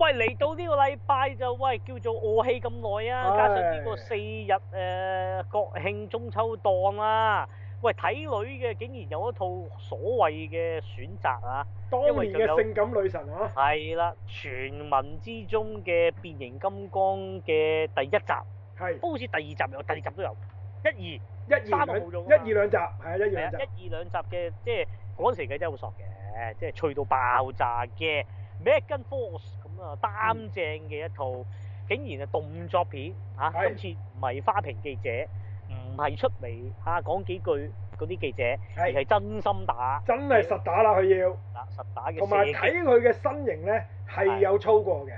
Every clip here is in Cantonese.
喂，嚟到呢個禮拜就喂叫做餓戲咁耐啊，哎、加上呢個四日誒、呃、國慶中秋檔啊，喂睇女嘅竟然有一套所謂嘅選擇啊，當年嘅性感女神嚇、啊，係啦，全、啊啊、傳聞之中嘅變形金剛嘅第一集，係是，好似第二集有，第二集都有，一二，一二，三、啊、一二兩集，係啊，一二兩集，一二兩集嘅即係嗰陣時嘅真係好索嘅，即係脆到爆炸嘅 Megan Fox。啊！擔正嘅一套，竟然係動作片嚇。啊、是今次唔係花瓶記者，唔係出嚟嚇、啊、講幾句嗰啲記者，是而係真心打，真係實打啦佢要。打實打嘅，同埋睇佢嘅身形咧係有操過嘅，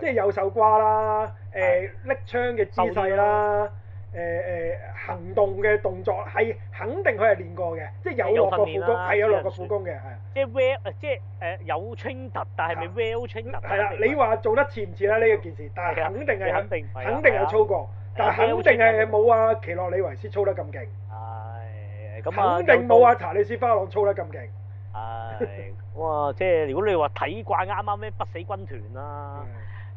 即係有手瓜啦，誒、呃、拎的槍嘅姿勢啦。誒誒行動嘅動作係肯定佢係練過嘅，即係有落過苦功，係有落過苦功嘅，係即係 well 即係誒有衝突，但係咪 well 衝突？係啦，你話做得似唔似啦呢個件事？但係肯定係肯肯定有操過，但係肯定係冇阿奇洛李維斯操得咁勁，係咁肯定冇阿查理斯花朗操得咁勁，係哇！即係如果你話睇慣啱啱咩不死軍團啦。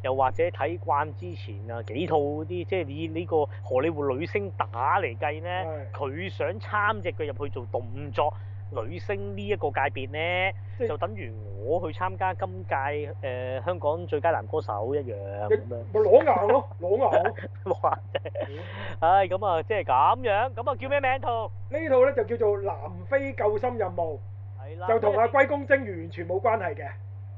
又或者睇慣之前啊幾套啲，即係以呢個荷里活女星打嚟計咧，佢是的 想參只佢入去做動作女星呢一個界別咧，是的 就等於我去參加今屆誒、呃、香港最佳男歌手一樣咁樣。咪攞硬咯，攞硬。冇錯。唉，咁啊，即係咁樣，咁啊叫咩名套？呢套咧就叫做《南非救參任務》的，就同阿龜公精完全冇關係嘅。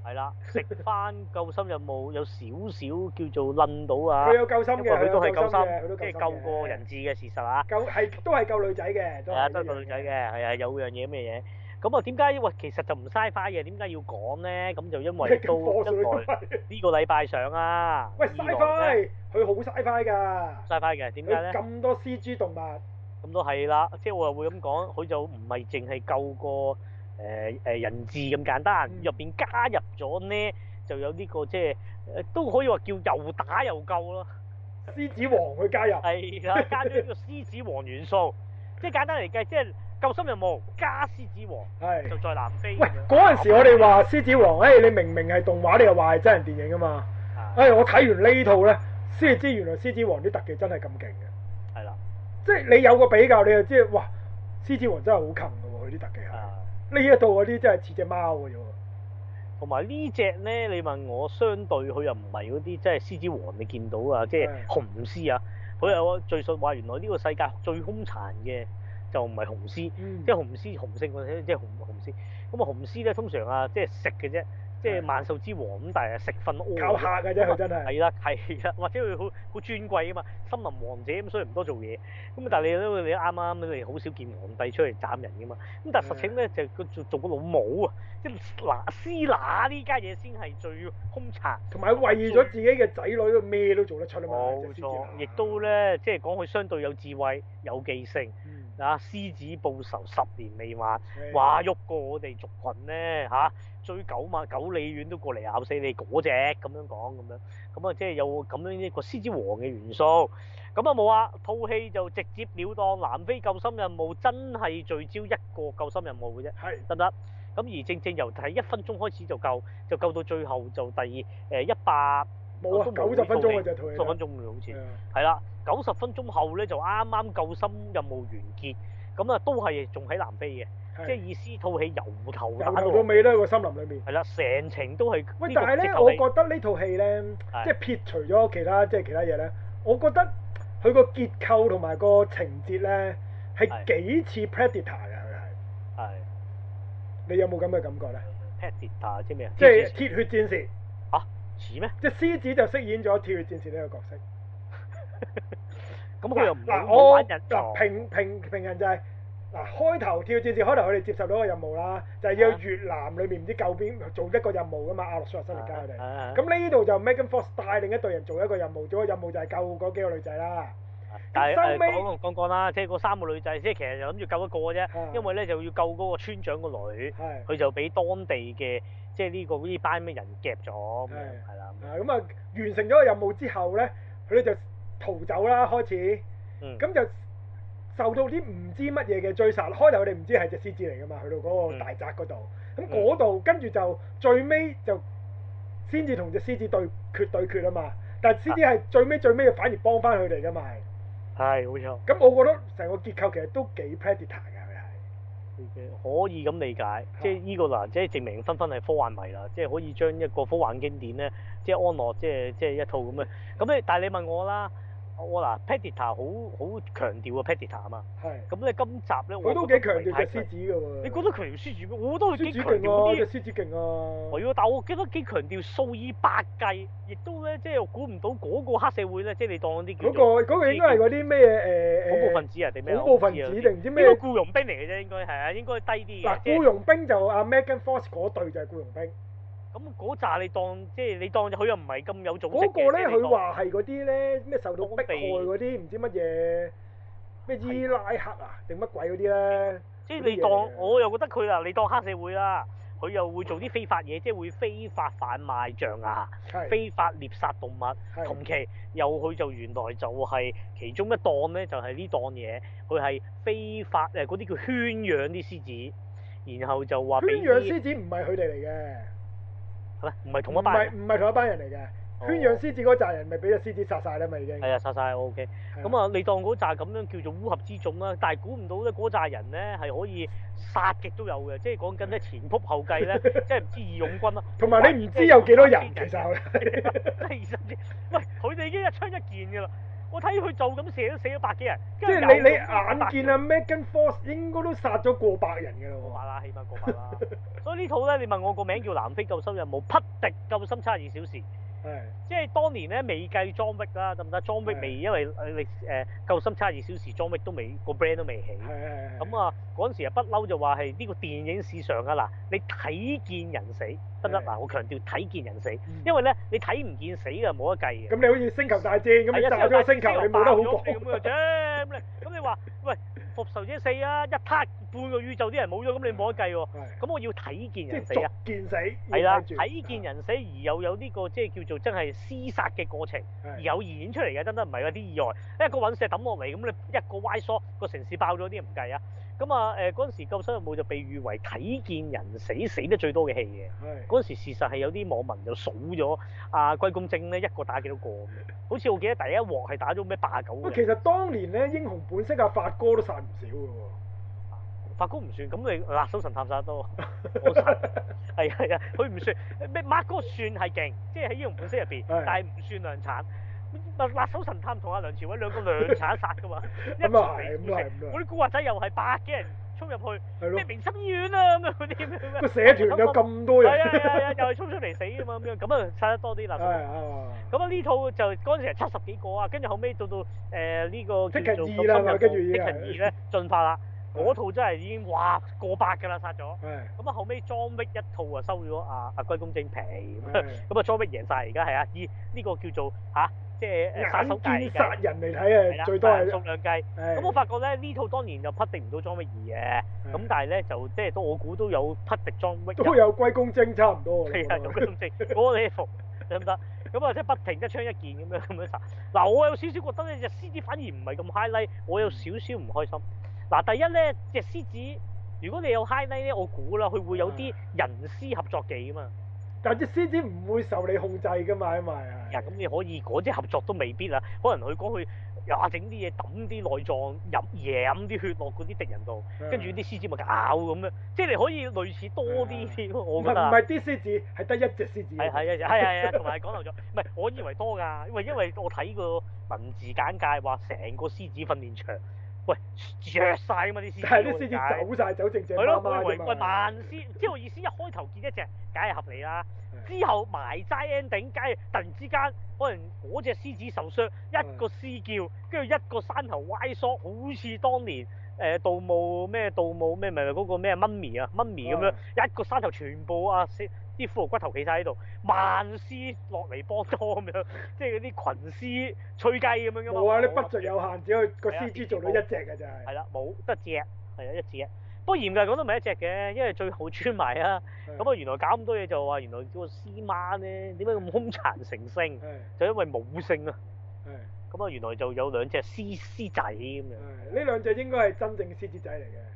係啦，食翻救心任務有少少叫做諗到啊。佢有救心嘅，佢都係救心嘅，佢都救心嘅。即係救過人質嘅事實啊。救係都係救女仔嘅，都係。係啊，都救女仔嘅，係啊，有樣嘢咩嘢？咁啊，點解喂其實就唔 Sci-Fi 嘢？點解要講咧？咁就因為都因為呢個禮拜上啊。喂，Sci-Fi，佢好 Sci-Fi 㗎。Sci-Fi 嘅，點解咧？咁多 CG 動物。咁都係啦，即係我又會咁講，佢就唔係淨係救過。誒誒人質咁簡單，入邊加入咗呢就有呢、這個即係誒都可以話叫又打又救咯。獅子王去加入係 加咗呢個獅子王元素，即係簡單嚟計，即係救參任務加獅子王， 就再南非。喂，嗰陣樣時我哋話獅子王，誒、哎、你明明係動畫，你又話係真人電影啊嘛。誒、 哎、我睇完呢套咧，先知原來獅子王啲特技真係咁勁嘅。係啦，即係你有個比較，你就知哇，獅子王真係好勁㗎喎，佢啲特技係。 一套一套一呢一度嗰啲真係似隻貓嘅啫，同埋呢隻咧，你問我相對佢又唔係嗰啲真係獅子王你見到啊，的即係雄獅啊，佢有個敍述話原來呢個世界最兇殘嘅就唔係雄獅，嗯、即係雄獅雄性或者即係雄雄獅，咁啊雄獅咧通常啊即係食嘅啫。即係萬獸之王咁，但係食份安。靠嚇嘅啫，真係。係啦，係啦，或者佢好好尊貴啊嘛，森林王者咁，所以唔多做嘢。咁但係你都的你啱啱你係好少見皇帝出嚟斬人嘅嘛。咁但係實情咧，就是、做做個老母啊，即係嗱獅乸呢家嘢先係最兇殘，同埋為咗自己嘅仔女，都咩都做得出啊，冇錯，亦、哦、前都咧，即係講佢相對有智慧、有記性。嗯。嗱、啊，獅子報仇十年未晚，話喐、嗯、過我哋族群咧嚇。啊追狗嘛，九里遠都過嚟咬死你嗰隻咁樣講咁樣，咁啊即係有咁樣一個獅子王嘅元素。咁啊冇啊，套戲就直接了當，南非救參任務真係聚焦一個救參任務嘅啫，得唔得？咁而正正由第一分鐘開始就救，就救到最後就第二誒一百，冇啊九十分鐘嘅啫，套套翻鐘好似係啦，九十分鐘後咧就啱啱救參任務完結，咁啊都係仲喺南非嘅。即係意思套戲由頭到尾啦，個森林裏面。係啦，成程都係。喂，但係咧，我覺得呢套戲咧，即係撇除咗其他，即係其他嘢咧，我覺得佢個結構同埋個情節咧係幾似 Predator 㗎，佢係。係。你有冇咁嘅感覺咧？Predator 即係咩啊？即係鐵血戰士。嚇？似咩？即係獅子就飾演咗鐵血戰士呢個角色。咁佢又唔會玩人。嗱，平平平人就係。嗱，開頭跳戰至開頭佢哋接受到個任務啦，就係要去越南裏面唔知救邊做一個任務噶嘛，亞歷山大嚟㗎佢哋。咁呢度就 Megan Fox 帶另一隊人做一個任務，做個任務就係救嗰幾個女仔啦。但係講講講啦，即係嗰三個女仔，即係其實就諗住救一個嘅啫，因為咧就要救嗰個村長個女，佢就俾當地嘅即係呢個呢班咩人夾咗，係啦。咁啊完成咗個任務之後咧，佢哋就逃走啦，開始，咁就。受到啲唔知乜嘢嘅追殺，開頭我哋唔知係隻獅子嚟噶嘛，去到嗰個大宅嗰度，咁嗰度跟住就最尾就先至同隻獅子對決對決啊嘛，但係獅子係最尾最尾反而幫翻佢哋噶嘛係。係，冇錯。咁我覺得成個結構其實都幾 predictable 㗎佢係。的可以咁理解，嗯、即係呢個嗱，即係證明分分係科幻迷啦，即係可以將一個科幻經典咧，即係安樂，即係即係一套咁樣。咁咧，但係你問我啦。我嗱 Petita 好好強調啊 Petita 啊嘛。係。咁你今集咧，我都幾強調隻獅子㗎喎。你覺得強調獅子咩？我都幾強調喎。獅子勁啊！係，但我記得幾強調數以百計，亦都咧即係估唔到嗰個黑社會咧，即係你當啲叫做。嗰個嗰個應該係嗰啲咩嘢恐怖分子啊定咩？恐怖分子定唔知咩？呢個僱傭兵嚟嘅啫，應該係啊，應該低啲嘅。嗱，僱傭兵就阿 Megan Force 嗰對就係僱傭兵。咁嗰扎你當，即係你當佢又唔係咁有組織嘅。嗰個咧，佢話係嗰啲咧，咩受到迫害嗰啲，唔知乜嘢咩伊拉克啊定乜鬼嗰啲咧。即係你當，我又覺得佢嗱，你當黑社會啦。佢又會做啲非法嘢，即係會非法販賣象牙，非法獵殺動物。同期又佢就原來就係、是、其中一檔咧，就係呢檔嘢，佢係非法誒嗰啲叫圈養啲獅子，然後就話圈養獅子唔係佢哋嚟嘅。唔係同一班，唔係唔係同一班人嚟嘅。哦、圈養獅子嗰扎人咪俾隻獅子殺晒啦，咪已經。係啊，殺晒，OK。咁、OK、啊、嗯，你當嗰扎咁樣叫做烏合之眾啊？但係估唔到咧，嗰扎人咧係可以殺極都有嘅，即係講緊咧前仆後繼咧， 即係唔知義勇軍啦。同埋你唔知有幾多人。其實。係二十隻，喂，佢哋已經一槍一件噶啦。我睇佢做咁死都死咗百幾人，即係你你眼見啊 Megan Force 應該都殺咗過百人㗎啦喎，百啦，起碼過百啦。百 所以套呢套咧，你問我個名叫《南非救參任務》，冇匹敵救參差二小時。即係當年咧，未計裝逼啦，得唔得？裝逼未，因為誒誒，救心差二小時，裝逼都未，個 brand 都未起。係咁啊，嗰陣時啊，不嬲就話係呢個電影史上啊。嗱，你睇見人死，得唔得？嗱，我強調睇見人死，因為咧你睇唔見死啊，冇得計啊。咁你好似星球大戰咁，你打咗個星球，你冇得好搏。咁你咁你話喂？復仇者四啊，一塌半個宇宙啲人冇咗，咁你冇得計喎。咁的我要睇見人死啊，見死。係啦，睇見人死而又有呢、呢個即係叫做真係廝殺嘅過程，的而有演出嚟嘅，真真唔係有啲意外。的一個隕石抌落嚟，咁你一個歪 shot，h 個城市爆咗，啲人唔計啊。咁啊誒嗰陣時《救參任務》就被譽為睇見人死死得最多嘅戲嘅。嗰陣時事實係有啲網民就數咗阿龜公正咧，一個打幾多個咁，好似我記得第一鑊係打咗咩八九。其實當年咧，《英雄本色》啊發哥都殺唔少㗎喎。發哥唔算，咁你辣手神探殺得多。好慘。係係啊，佢唔算咩，馬哥算係勁，即係喺《英雄本色》入面，但係唔算量產。垃垃手神探同阿梁朝偉兩個兩鏟殺噶嘛，一齊咁嚟。我啲古惑仔又係百幾人沖入去，咩明心醫院啊咁樣嗰啲咩咩。個社團有咁多人，係啊係啊，又係沖出嚟死嘛。咁啊，咁啊殺得多啲垃圾。咁啊呢套就嗰陣時係七十幾個啊，跟住後尾到到誒呢個跟住，深入，跟住呢套二咧進化啦，嗰套真係已經哇過百噶啦殺咗。係。咁啊後屘莊逼一套啊收咗阿阿關公正平，咁啊莊逼贏晒而家係啊，二呢個叫做吓。即係殺手鐧嘅，殺人嚟睇啊，最多係送兩雞。咁我發覺咧，呢套當然就匹敵唔到莊威二嘅，咁但係咧就即係都我估都有匹敵莊威。都有歸公精差唔多。係啊，有歸公精，我哋服得唔得？咁或者不停一槍一件咁樣咁樣殺。嗱，我有少少覺得呢隻獅子反而唔係咁 highlight，我有少少唔開心。嗱，第一咧，隻獅子如果你有 highlight 咧，我估啦，佢會有啲人獅合作技啊嘛。但係隻獅子唔會受你控制㗎嘛，起碼呀。咁、嗯、你可以嗰啲合作都未必啊，可能佢講佢呀整啲嘢揼啲內臟，飲嘢飲啲血落嗰啲敵人度，跟住啲獅子咪咬咁樣。即係你可以類似多啲添，啊、我覺得。唔係啲獅子，係得一隻獅子。係係啊，係係啊，同埋講漏咗，唔係、啊啊啊、 我以為多㗎，因為 因為我睇過文字簡介話，成個獅子訓練場。喂，著晒啊嘛，啲獅子，係啲獅子走晒，走正正。媽媽，係咯。喂慢獅，即係我意思，一開頭見一隻，梗係合理啦。之後埋齋 ending，頂，梗係突然之間可能嗰隻獅子受傷，嗯、一個獅叫，跟住一個山頭歪縮，好似當年誒盜墓咩盜墓咩，咪咪嗰個咩 Mummy 啊 Mummy 咁樣，嗯、一個山頭全部啊啲骷髏骨頭企晒喺度，萬獅落嚟幫拖咁樣，即係嗰啲群獅吹雞咁樣噶嘛。冇啊，你 budget 有限，只可以個獅子做到一隻㗎咋。係啦，冇得隻，係啊一隻。不過嚴格嚟講都唔係一隻嘅，因為最後穿埋啊。咁啊，原來搞咁多嘢就話，原來個獅媽咧點解咁兇殘成性？就因為母性啊。係。咁啊，原來就有兩隻獅獅仔咁樣。呢兩隻應該係真正嘅獅子仔嚟嘅。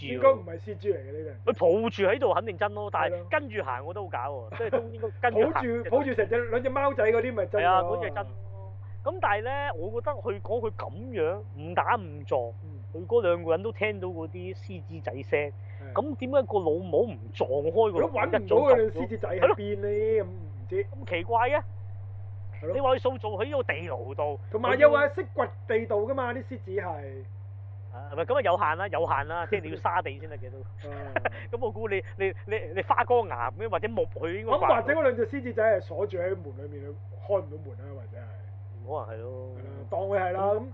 如果唔係獅子嚟嘅呢個，佢抱住喺度肯定真咯，但係跟住行我都好搞喎，即係都應該跟住行。抱住抱住成隻兩隻貓仔嗰啲咪真咯，嗰隻真咯。咁但係咧，我覺得佢講佢咁樣誤打誤撞，佢嗰兩個人都聽到嗰啲獅子仔聲，咁點解個老母唔撞開佢？搵唔到佢啲獅子仔喺邊呢咁唔知。咁奇怪呀？你話佢掃除喺呢個地牢度。同埋又話識掘地道噶嘛啲獅子係。啊，係咪？咁啊有限啦，有限啦，即係你要沙地先得嘅都。咁我估你你你你花崗岩咁，或者木佢應該。咁或者嗰兩隻獅子仔係鎖住喺門裏面，開唔到門啊，或者係。可能係咯。係啦，當佢係啦。咁。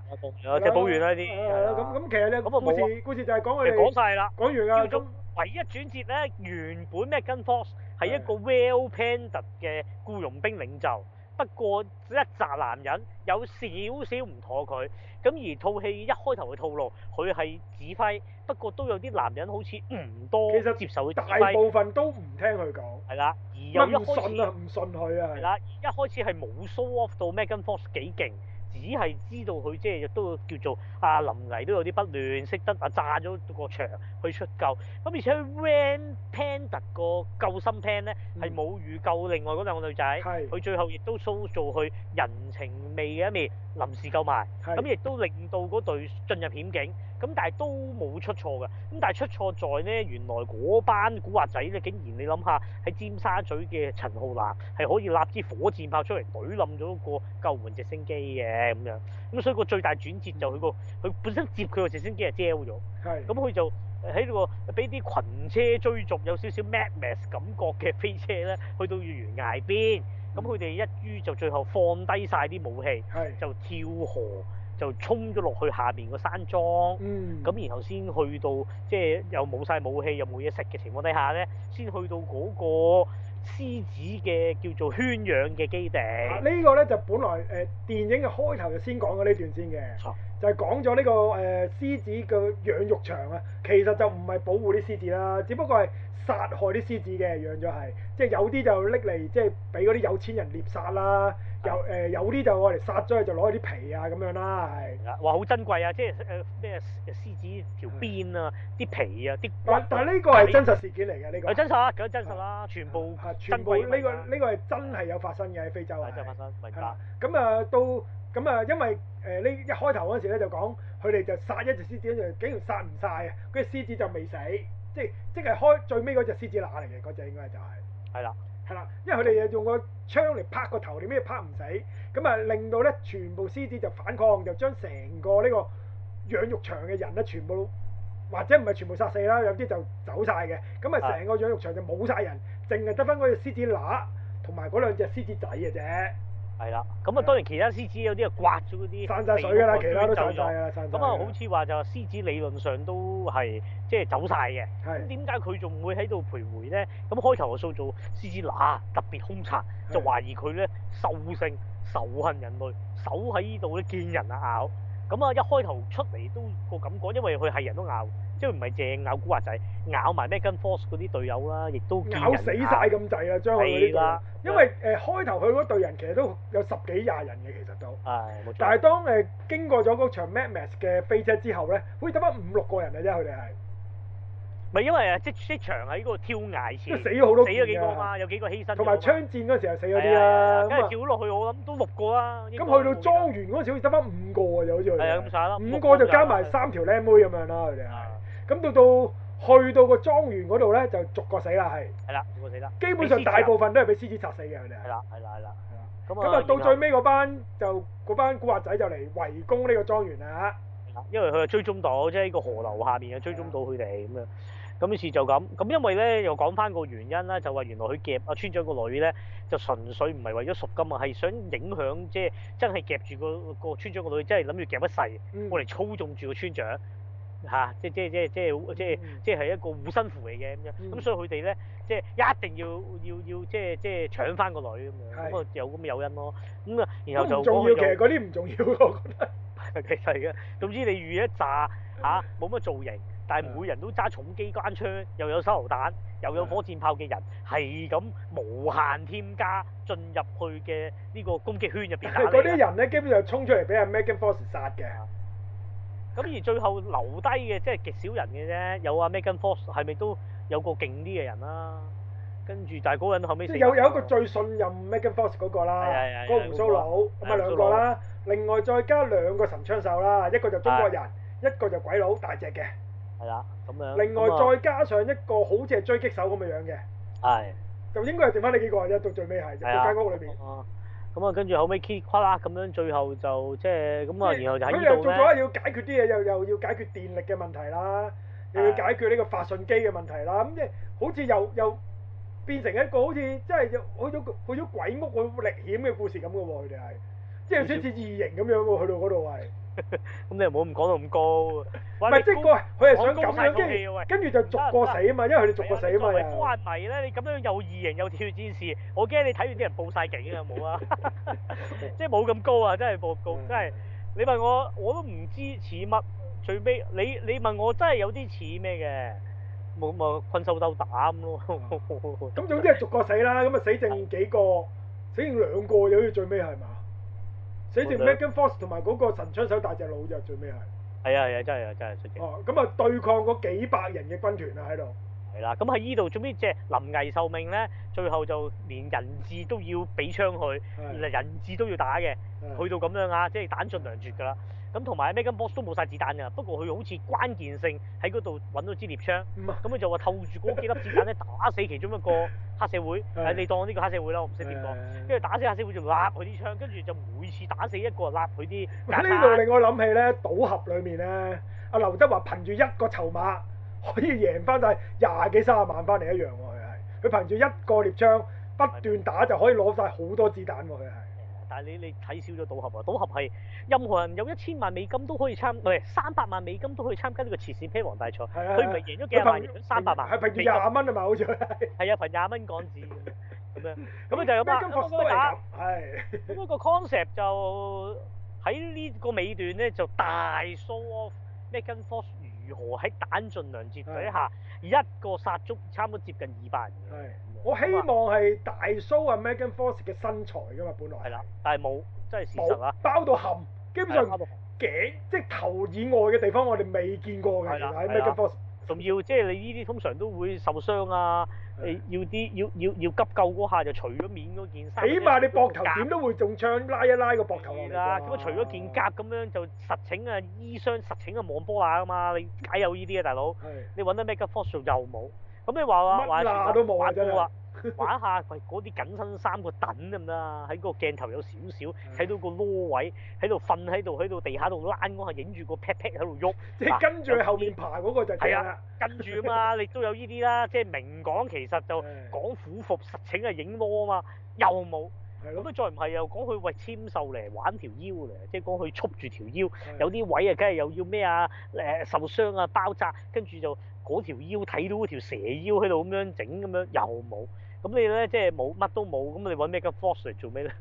啊，當。保完啦呢啲。係啦。咁咁其實咧。咁啊，故事故事就係講佢哋。講晒啦。講完啦。叫做唯一轉折咧，原本咩跟 Fox 係一個 Well Panther 嘅僱傭兵領袖。不過一紮男人有少少唔妥佢，咁而套戲一開頭嘅套路，佢係指揮，不過都有啲男人好似唔多接受佢指揮，其實大部分都唔聽佢講，係啦，而又一開始唔信啊，唔信佢啊，係啦，一開始係冇 show off 到 Megan Fox 幾勁。只係知道佢即係亦都叫做阿、啊、林毅都有啲不亂，識得啊炸咗個牆去出救。咁而且佢 p a n p a n 突個救心 plan 咧係冇預救另外嗰兩個女仔，佢是最後亦都 show 做佢人情味嘅一面，臨時救埋，咁亦是都令到嗰隊進入險境。咁但係都冇出錯嘅，咁但係出錯在咧，原來嗰班古惑仔咧，竟然你諗下喺尖沙咀嘅陳浩南係可以立支火箭炮出嚟，懟冧咗個救援直升機嘅咁樣，咁所以個最大轉折就佢個佢本身接佢個直升機係焦咗，咁佢是就喺度、呢個俾啲群車追逐，有少少 Mad Max 感覺嘅飛車咧，去到月懸崖邊，咁佢哋一於就最後放低晒啲武器，是就跳河。就衝咗落去下邊個山莊，咁、嗯、然後先去到，即係又冇晒武器又冇嘢食嘅情況底下咧，先去到嗰個獅子嘅叫做圈養嘅基地。啊這個、呢個咧就本來誒、呃、電影嘅開頭就先講咗呢段先嘅，啊、就係講咗呢個誒獅、呃、子嘅養育場啊，其實就唔係保護啲獅子啦，只不過係。殺害啲獅子嘅，養咗係，即係有啲就拎嚟，即係俾嗰啲有錢人獵殺啦的、呃。有誒，有啲就我哋殺咗，就攞啲皮啊咁樣啦，係。啊，話好珍貴啊，即係咩、呃呃、獅子條鞭啊，啲皮啊，啲、呃。但但呢個係真實事件嚟嘅呢個。係真實啊，佢真實啦。的全部係全部呢個呢個係真係有發生嘅，喺非洲啊。真係發生，係啦。咁啊到，咁啊，因為誒呢、呃、一開頭嗰陣時咧就講，佢哋就殺一隻獅子，竟然殺唔晒啊！嗰隻獅子就未死。即即係開最尾嗰隻獅子乸嚟嘅，嗰隻應該就係、是。係啦的。係啦，因為佢哋用個槍嚟拍個頭，點咩拍唔死，咁啊令到咧全部獅子就反抗，就將成個呢個養育場嘅人咧全部或者唔係全部殺死啦，有啲就走晒嘅，咁啊成個養育場就冇晒人，淨係得翻嗰隻獅子乸同埋嗰兩隻獅子仔嘅啫。係啦，咁啊當然其他獅子有啲啊刮咗嗰啲，散曬水㗎啦，其他都走咗。咁啊，好似話就獅子理論上都係即係走晒嘅。咁點解佢仲會喺度徘徊咧？咁開頭個數就做獅子乸特別兇殘，就懷疑佢咧獸性、仇恨人類，守喺呢度咧見人啊咬。咁啊一開頭出嚟都個感覺，因為佢係人都咬。即係唔係淨咬古惑仔，咬埋咩跟 Force 嗰啲隊友啦，亦都咬死曬咁滯啦，將佢哋啦。係啦，因為誒開頭佢嗰隊人其實都有十幾廿人嘅，其實都。係。但係當誒經過咗嗰場 Mad Max 嘅飛車之後咧，好似得翻五六個人啊，啫佢哋係。唔係因為啊，即係呢場係呢個跳崖前。都死咗好多。死咗幾個啊？有幾個犧牲。同埋槍戰嗰陣時又死咗啲啦。梗係跳落去我諗都六個啊。咁去到莊園嗰陣時，得翻五個啊，好似係。係咁曬啦。五個就加埋三條靚妹咁樣啦，佢哋係。咁到到去到個莊園嗰度咧，就逐個死啦，係。係啦。逐個死啦。基本上大部分都係俾獅子殺死嘅佢哋。係啦，係啦，係啦。咁啊，到最尾嗰班就嗰班古惑仔就嚟圍攻呢個莊園啦嚇。係啦。因為佢係追蹤到，即係呢個河流下邊又追蹤到佢哋咁啊，咁於是就咁。咁因為咧又講翻個原因啦，就話原來佢夾阿村長個女咧，就純粹唔係為咗贖金啊，係想影響即係真係夾住個村長個女，真係諗住夾一世，我嚟操縱住個村，村長。嗯嗯嚇、啊！即即即即即即係一個護身符嚟嘅咁樣，咁、嗯、所以佢哋咧即一定要要要即即搶翻個女咁樣，咁啊是有咁嘅誘因咯，咁啊然後就唔重要，那個、其實嗰啲唔重要，我覺得。其實係嘅，總之你預一紮嚇，冇、啊、乜造型，但係每人都揸重機關槍，又有手榴彈，又有火箭炮嘅人，係咁的無限添加進入去嘅呢個攻擊圈入邊。嗰啲人咧，基本上係衝出嚟俾阿 Megan Fox 殺嘅。咁而最後留低嘅，即係極少人嘅啫。有阿 Megan Fox，係咪都有個勁啲嘅人啦？跟住就係嗰個人後尾。即係有有一個最信任 Megan Fox 嗰個啦。係係。個鬍鬚佬，咁啊兩個啦。另外再加兩個神槍手啦，一個就中國人，一個就鬼佬大隻嘅。係啦。咁樣。另外再加上一個好似係追擊手咁嘅樣嘅。係。就應該係剩翻呢幾個啫，到最尾係就間屋裏邊。咁啊、嗯，跟住後尾 key 跨啦咁樣，最後就即係咁啊，然後就喺呢度咧。佢又做咗要解決啲嘢，又又要解決電力嘅問題啦，又要解決呢個發信機嘅問題啦。咁即係好似又又變成一個好似即係去咗去咗鬼屋個歷險嘅故事咁嘅喎，佢哋係即係好似似異形咁樣喎、啊，去到嗰度係。咁你又唔好唔講到咁高？唔係，即係佢係想咁樣跟，跟住就逐個死啊嘛，因為佢哋逐個死啊嘛。關迷咧，你咁樣又異形又跳戰士，我驚你睇完啲人報晒警啊，冇啊！即係冇咁高啊，真係報告。真係你問我，我都唔知似乜。最尾你你問我真係有啲似咩嘅？冇冇，困獸鬥膽咯。咁總之係逐個死啦，咁啊死剩幾個？死剩兩個嘅好似最尾係嘛？你隻 Megan Force 同埋嗰個神槍手大隻佬啫，啊，最尾係。係啊係啊，真係真係出奇。哦，咁啊對抗嗰幾百人嘅軍團啊喺度。係啦，咁喺呢度，做咩？即係臨危受命咧，最後就連人質都要俾槍佢，是的 人質都要打嘅，是的 去到咁樣啊，即、就、係、是、彈盡糧絕噶啦。咁同埋咩金波都冇晒子彈㗎，不過佢好似關鍵性喺嗰度揾到支獵槍，咁佢就話透住嗰幾粒子彈咧打死其中一個黑社會，誒你當呢個黑社會啦，我唔識點講，跟住打死黑社會就揦佢啲槍，跟住就每次打死一個揦佢啲。咁呢度令我諗起咧，賭俠裡面咧，阿劉德華憑住一個籌碼可以贏翻晒，廿幾卅萬翻嚟一樣喎，佢係，佢憑住一個獵槍不斷打就可以攞晒好多子彈喎，佢係。但係你你睇少咗賭合啊，賭合係任何人有一千萬美金都可以參，唔係三百萬美金都可以參加呢個慈善披王大賽。係係。佢唔係贏咗幾萬？三百萬。係憑住廿蚊啊嘛，好似係。係啊，憑廿蚊港紙咁樣。咁啊就有啊，Megan Fox 咁啊個 concept 就喺呢個尾段咧，就大 show off，咩 Megan Fox 如何喺彈盡糧絕底下一個殺足差唔多接近二百人。係。我希望係大騷啊 Megan Fox 嘅身材噶嘛，本來。係啦。但係冇，真係事實啊。包到冚，基本上頸即係頭以外嘅地方，我哋未見過嘅。係啦。Megan Fox。仲要即係你呢啲通常都會受傷啊，要啲要要要急救嗰下就除咗面嗰件衫。起碼你膊頭點都會中槍，拉一拉個膊頭。係啦。咁啊，除咗件甲咁樣就實情啊醫傷，實情啊望波啊噶嘛，你解有呢啲啊大佬。你揾得 Megan Fox 就冇。咁你話話話玩波啊，玩下喂嗰啲緊身衫個等咁啦，喺個鏡頭有少少睇到個裸位，喺度瞓喺度喺度地下度躝嗰下影住個 pat pat 喺度喐，即係、啊、跟住後面排嗰個就係啊，跟住啊嘛，你都有呢啲啦，即係明講其實就講虎伏實情係影裸啊嘛，又冇。咁啊的再唔係又講佢喂纖瘦嚟玩條腰嚟，即係講佢束住條腰，的的有啲位啊，梗係又要咩啊？誒受傷啊包紮，跟住就。嗰條腰睇到嗰條蛇腰喺度咁樣整咁樣又冇，咁你咧即係冇乜都冇，咁你揾咩 Megan Fox 嚟做咩咧？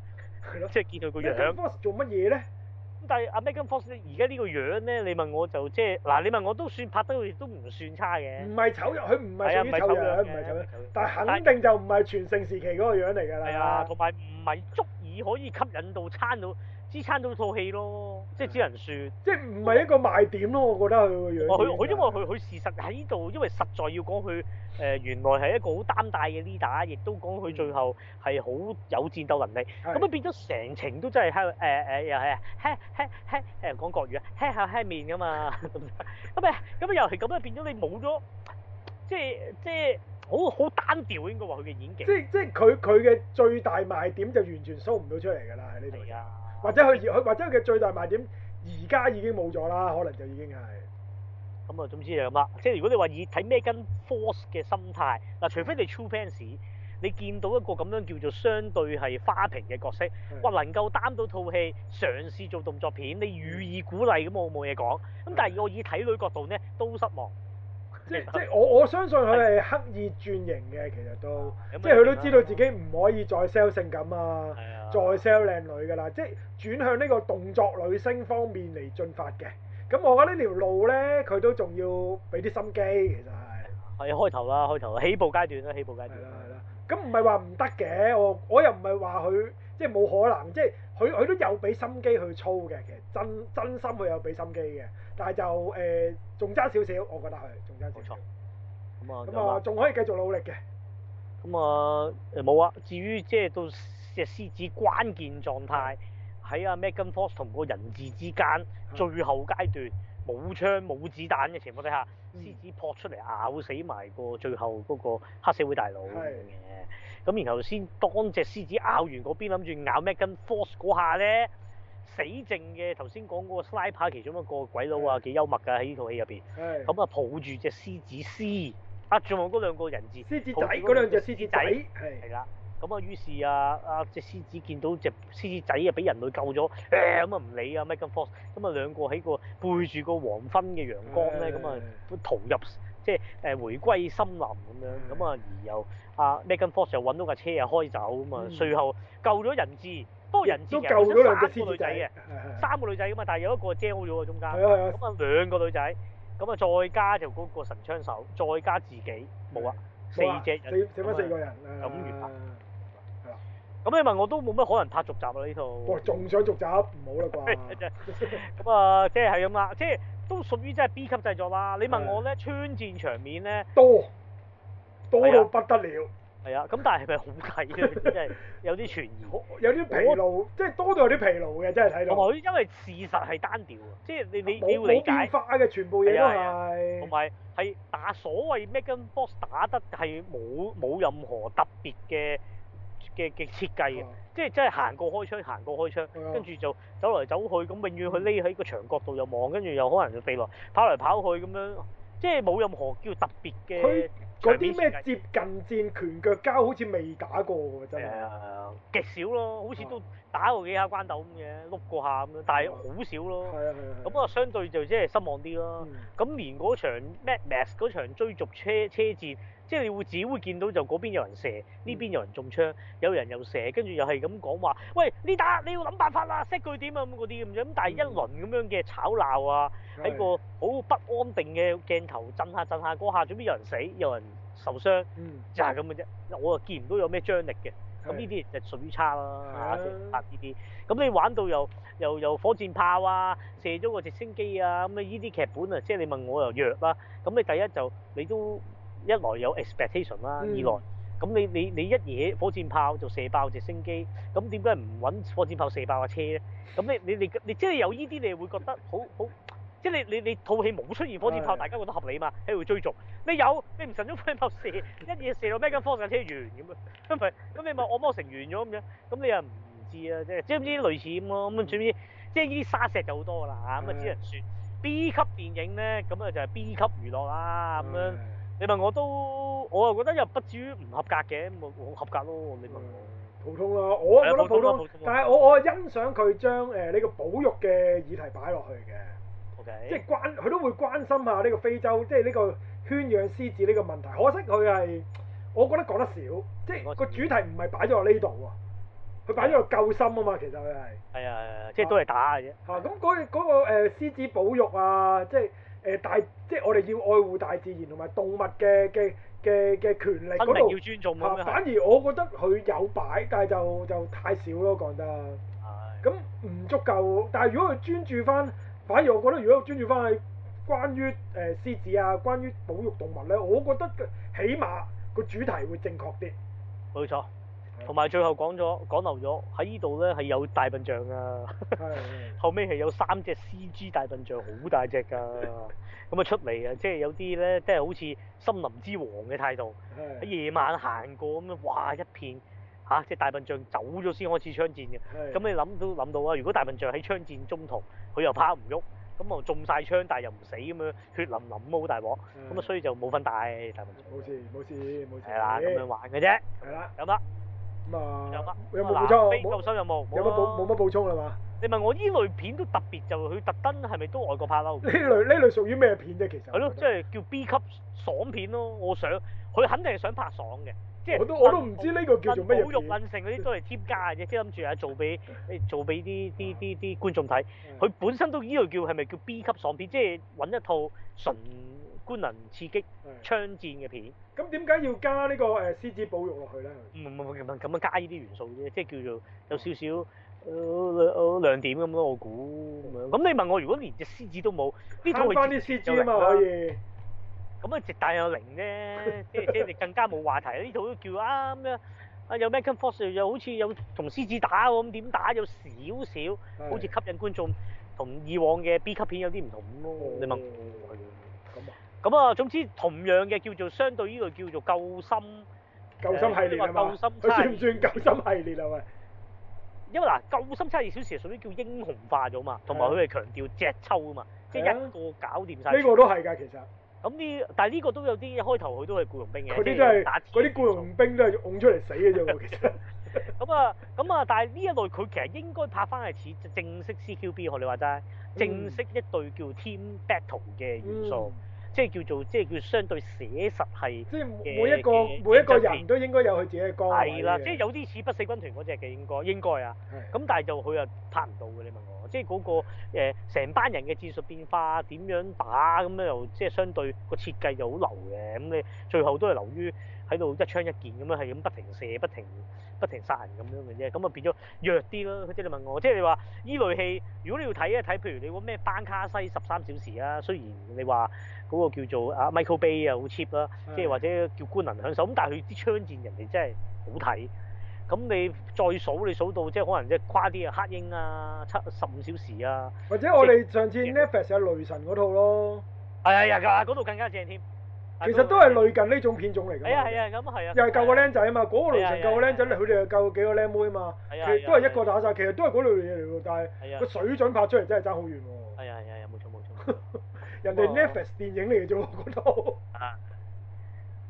即係 見佢 個樣。做乜嘢咧？咁但係阿 Megan Fox 而家呢個樣咧，你問我就即係嗱，就是嗯、你問我都算拍得亦都唔算差嘅。唔係醜入佢唔係屬於醜樣嘅，唔係、哎、醜樣。醜但係肯定就唔係全盛時期嗰個樣嚟㗎啦。係啊，同埋唔係足以可以吸引到餐到。支撐到套戲咯即， 即係只能算，即係唔係一個賣點咯。我覺得佢個樣。佢佢因為佢佢事實喺呢度，因為實在要講佢誒原來係一個好擔大嘅 leader，亦都講佢最後係好有戰鬥能力。咁啊變咗成程都真係喺度誒誒又係 hack hack hack 人講國語啊 hack 下 hack 面㗎嘛，咁啊咁啊又係咁啊變咗你冇咗，即係即係好好單調應該話佢嘅演技。即係即係佢佢嘅最大賣點就完全 show 唔到出嚟㗎啦喺呢度。或者佢而佢或者佢嘅最大賣點，而家已經冇咗啦，可能就已經係咁啊！總之就咁啦。即係如果你話以睇咩跟 force 嘅心態，嗱，除非你 true fans，你見到一個咁樣叫做相對係花瓶嘅角色，哇的，能夠擔到套戲，嘗試做動作片，你予以鼓勵咁，我冇嘢講。咁但係我以睇女角度咧，都失望。即即我我相信佢係刻意轉型嘅，其實都，嗯、即係佢都知道自己唔可以再 sell 性感啊，嗯、再 sell 靚女㗎啦，即係轉向呢個動作女星方面嚟進發嘅。咁我覺得呢條路呢，佢都仲要俾啲心機，其實係。開頭啦，開頭起步階段啦，起步階段。係啦係啦。咁唔係話唔得嘅，我我又唔係話佢。即係冇可能，即係佢佢都有俾心機去操嘅，其實真真心佢有俾心機嘅，但係就誒仲、呃、差少少，我覺得佢仲爭。冇錯。咁啊，咁啊，仲可以繼續努力嘅。咁啊誒冇、嗯、啊，至於即係到隻獅子關鍵狀態，喺阿 Megan Fox 同個人質之間、嗯、最後階段冇槍冇子彈嘅情況底下，獅子撲出嚟咬死埋個最後嗰個黑社會大佬嘅、嗯。咁然後先，當隻獅子咬完嗰邊，諗住咬 Megan Force 嗰下咧，死剩嘅頭先講嗰個 Slipper 其中一個鬼佬啊，幾幽默㗎喺呢套戲入邊。咁啊，抱住隻獅子獅，啊仲有嗰兩個人質，獅子仔嗰兩隻獅子仔。係。係啦的。咁啊，於是啊啊隻獅子見到隻獅子仔啊，俾人類救咗，誒咁啊唔理啊 Megan Force，咁啊兩個喺個背住個黃昏嘅陽光咧，咁啊逃入。的即係誒回歸森林咁樣，咁啊而又阿 Megan Fox 又揾到架車又開走咁啊，最後救咗人質，不過人質其實救咗三個女仔嘅，三個女仔噶嘛，但係有一個遮好咗喎中間，咁啊兩個女仔，咁啊再加就嗰個神槍手，再加自己冇啊，四隻人，四，剩翻四個人，咁完啦。咁你問我都冇乜可能拍續集啦、啊、呢套。仲想續集？唔好啦啩。咁啊，即係係咁啦，即係都屬於即係 B 級製作啦。你問我咧，槍戰場面咧，多，多到不得了。係啊，咁但係係咪好睇咧？即係有啲 疲勞，有啲疲勞，即係多到有啲疲勞嘅，真係睇到。唔係沒，因為事實係單調啊，即係你你你會理解。冇變化嘅全部嘢都係。同埋係打所謂 Megan Boss 打得係冇冇任何特別嘅。嘅嘅設計，即係即係行過開窗，行過開窗，跟住就走來走去，咁永遠佢匿喺個牆角度又望，跟住又可能就飛落跑嚟跑去咁樣，即係冇任何叫特別嘅。嗰啲咩接近戰拳腳交好似未打過喎，真係極少咯，好似都打過幾下關鬥咁嘅，碌過下咁樣，但係好少咯。係啊係啊。咁啊，相對就即係失望啲咯。咁連嗰場 Mad Max 嗰場追逐車車戰，即係你會只會見到就嗰邊有人射，呢邊有人中槍，有人又射，跟住又係咁講話，喂，你打你要諗辦法啦 set 佢點啊咁嗰啲咁樣。咁但係一輪咁樣嘅吵鬧啊，喺個好不安定嘅鏡頭震下震下過下，總之有人死，有人。受傷，嗯、就係咁嘅啫。我又見唔到有咩張力嘅，咁呢啲就屬於差啦，拍呢啲。咁你玩到又又又火箭炮啊，射咗個直升機啊，咁啊呢啲劇本啊，即係你問我又弱啦。咁你第一就你都一來有 expectation 啦，嗯、二來咁你你你一嘢火箭炮就射爆直升機，咁點解唔揾火箭炮射爆架車咧？咁你你你你即係、就係、有呢啲，你會覺得好好。 即係你你你套戲冇出現火箭炮，大家覺得合理嘛，喺度追逐你有你唔神裝火箭炮射，一嘢射到咩？根火箭車完咁啊，咁你咪我魔成完咗咁樣，咁你又唔知啊，即係即係唔知類似咁咯。咁至於即係呢啲沙石就好多啦嚇，咁啊只能説 B 級電影咧，咁啊就係 B 級娛樂啊咁樣。你問我都我啊覺得又不至於唔合格嘅，咁咪好合格咯。你問我普通啦，我我覺得普通，但係我我欣賞佢將誒呢個保育嘅議題擺落去嘅。即係關佢都會關心下呢個非洲，即係呢個圈養獅子呢個問題。可惜佢係，我覺得講得少，即係個主題唔係擺咗落呢度喎。佢擺咗落救心啊嘛，其實佢係。係啊，啊，即係都係打嘅啫。嚇、啊！咁嗰嗰個、那個呃、獅子保育啊，即係誒、呃、大，即係我哋要愛護大自然同埋動物嘅嘅嘅嘅權利嗰度。要尊重咁、啊啊、反而我覺得佢有擺，但係就就太少咯講得。係。咁唔的足夠，但係如果佢專注翻。反而我覺得，如果我專注翻去關於誒獅子啊，關於保育動物咧，我覺得起碼個主題會正確啲，冇錯。同埋最後講咗講漏咗，喺呢度咧係有大笨象噶， 後尾係有三隻 CG 大笨象，好大隻噶，咁啊 出嚟啊，即係有啲咧，即係好似森林之王嘅態度，喺夜 晚行過咁樣，哇一片。嚇！即係大笨象走咗先開始槍戰嘅，咁你諗都諗到啊！如果大笨象喺槍戰中途，佢又趴唔喐，咁啊中晒槍，但係又唔死咁樣，血淋淋都好大鑊，咁啊所以就冇份大大笨象。冇事冇事冇事，係啦咁樣玩嘅啫。係啦，有得咁啊，有得有冇補充？有冇補有冇補？冇乜補充係嘛。你問我呢類片都特別，就佢特登係咪都外國拍囉？呢類呢類屬於咩片啫？其實係咯，即係叫 B 級爽片咯。我想佢肯定係想拍爽嘅。即係我都我都唔知呢個叫做咩嘢，保育性嗰啲都係添加嘅啫，即係諗住啊做俾誒做俾啲啲啲啲觀眾睇，佢本身都呢套叫係咪叫 B 級喪片，即係揾一套純官能刺激槍戰嘅片。咁點解要加呢個誒獅子保育落去咧？唔唔唔唔咁樣加呢啲元素啫，即係叫做有少少誒亮點咁咯，我估咁樣。咁你問我如果連隻獅子都冇，慘翻啲獅子啊嘛可以。咁啊，直但有零啫，即係更加冇話題。呢套都叫啊咁樣，啊有咩 c o n 又好似有同獅子打喎，咁點打有少少，好似吸引觀眾，同以往嘅 B 級片有啲唔同咯。你問、哦？咁、嗯、啊，咁啊，總之同樣嘅叫做相對呢個叫做救參，救，救參系列係嘛？佢算唔算救參系列係咪？因為嗱，救參差二小時屬於叫英雄化咗嘛，同埋佢係強調隻抽是啊嘛，即係一個搞掂晒。呢是、啊、個都係㗎，其實。咁呢？但係呢個都有啲一開頭，佢都係僱傭兵嘅。佢啲都係，嗰啲僱傭兵都係㧬出嚟死嘅啫，其實。咁啊，咁啊，但係呢一類佢其實應該拍翻係似正式 CQB，我哋話齋，正式一對叫 Team Battle 嘅元素。嗯嗯即係叫做，即係叫相對寫實係。即係每一個每一個人都應該有佢自己嘅崗位。係啦，即係有啲似不死軍團嗰隻嘅應該應該啊。咁的但係就佢又拍唔到嘅，你問我。即係嗰、嗰個成、呃、班人嘅戰術變化點樣打咁樣，樣又即係相對個設計又好流嘅。咁你最後都係流於。喺度一槍一箭咁樣，係咁不停射、不停不停殺人咁樣嘅啫。咁啊變咗弱啲咯。即係你問我，即係你話依類戲，如果你要睇一睇譬如你嗰咩班卡西十三小時啊。雖然你話嗰個叫做啊 Michael Bay 啊好 cheap 啦，即係的或者叫官能享受，咁但係佢啲槍戰人哋真係好睇。咁你再數你數到，即係可能即係跨啲啊，《黑鷹》啊，《七十五小時》啊。或者我哋上次 Netflix 有《雷神》嗰套咯。哎呀呀，嗰度更加正添。其實都係類近呢種片種嚟噶係啊係啊，咁係啊。又係救個僆仔啊嘛，嗰個流程救個僆仔，佢哋又救幾個僆妹啊嘛。係啊，都係一個打晒，其實都係嗰類嘢嚟喎。但係個水準拍出嚟真係差好遠喎。係啊係啊係，冇錯冇錯。人哋 Netflix 電影嚟嘅啫喎，嗰套。啊。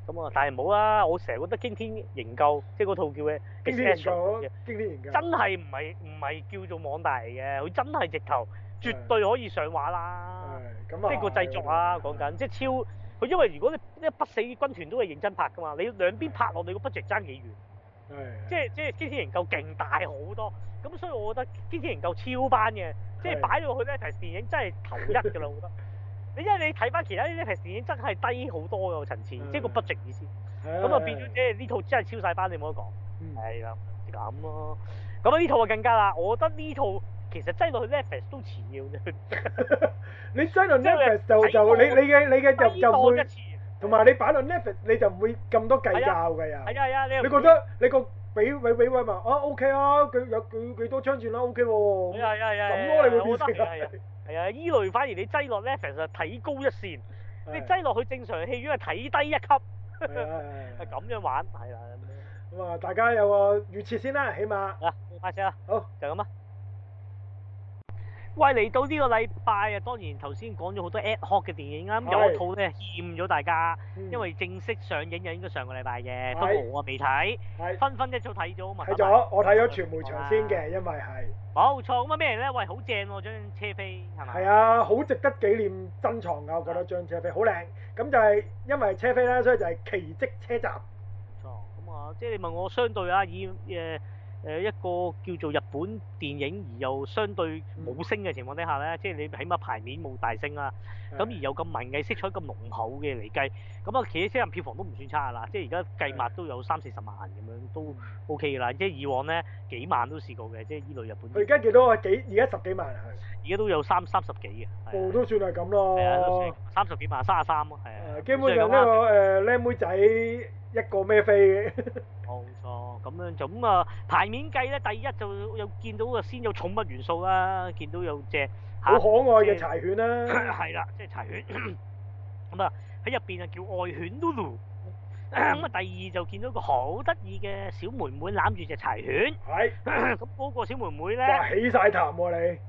咁啊，但係唔好啦，我成日覺得驚天營救，即係嗰套叫嘅。驚天營救。驚天營救。真係唔係唔係叫做網大嚟嘅，佢真係直頭絕對可以上畫啦。係。咁啊。即係個製作啦，講緊即係超。佢因為如果你呢不死軍團都係認真拍噶嘛，你兩邊拍落你個 budget 爭幾遠？的即係即係《驚天營救》勁大好多，咁所以我覺得《驚天營救》超班嘅，的即係擺到去呢一題電影真係頭一噶啦，我覺得。你因為你睇翻其他呢啲題電影真係低好多嘅層次，即係個 budget 意思。咁啊變咗，即誒呢套真係超晒班，你冇得講。係啦，咁咯。咁啊呢套啊更加啦，我覺得呢套。其實擠落去 Netflix 都次要嘅，你擠落 Netflix 就就你你嘅你嘅就就會，同埋你擺落 Netflix 你就唔會咁多計較嘅又。係啊係啊，你覺得你個比比比位嘛哦 OK 啊，佢有佢幾多槍戰啦 OK 喎。係啊係啊。咁咯，你會變得係啊，依類反而你擠落 Netflix 就睇高一線，你擠落去正常戲院係睇低一級，係咁樣玩係啦。咁啊，大家有個預設先啦，起碼啊，開車啦，好就咁啦。喂，嚟到呢個禮拜啊，當然頭先講咗好多 at hot 嘅電影啊，是有套我咧厭咗大家，嗯、因為正式上映又應該上個禮拜嘅，都冇啊未睇，分分是一早睇咗啊嘛，睇咗，我睇咗傳媒場先嘅，吧因為係冇錯，咁啊咩咧？喂，好正喎張車飛，係咪？係啊，好、啊、值得紀念珍藏㗎，我覺得張車飛好靚，咁就係因為車飛咧，所以就係奇蹟車站。冇錯，咁啊即係你問我相對啊以誒。以以呃誒一個叫做日本電影，而又相對冇升嘅情況底下咧，即係你起碼排面冇大升啦、啊。咁的而有咁文藝色彩咁濃厚嘅嚟計，咁啊，其實雖然票房都唔算差啦，即係而家計埋都，都，OK、都，都有三四十萬咁樣都 OK 啦。即係以往咧幾萬都試過嘅，即係依類日本。而家幾多啊？幾而家十幾萬啊？而家都有三三十幾嘅。部、哦、都算係咁咯。三十幾萬，三十三咯，係啊。基本上呢、那個誒靚、嗯呃、妹仔。一個咩飛嘅？冇、 哦、錯，咁樣就咁啊！排面計咧，第一就又見到啊，先有寵物元素啦，見到有隻好可愛嘅柴犬啦、啊。係啦，即係柴犬。咁啊，喺入邊啊叫愛犬 Lulu、嗯。咁啊，第二就見到個好得意嘅小妹妹攬住隻柴犬。係、哎。咁嗰個小妹妹咧，起晒痰喎你。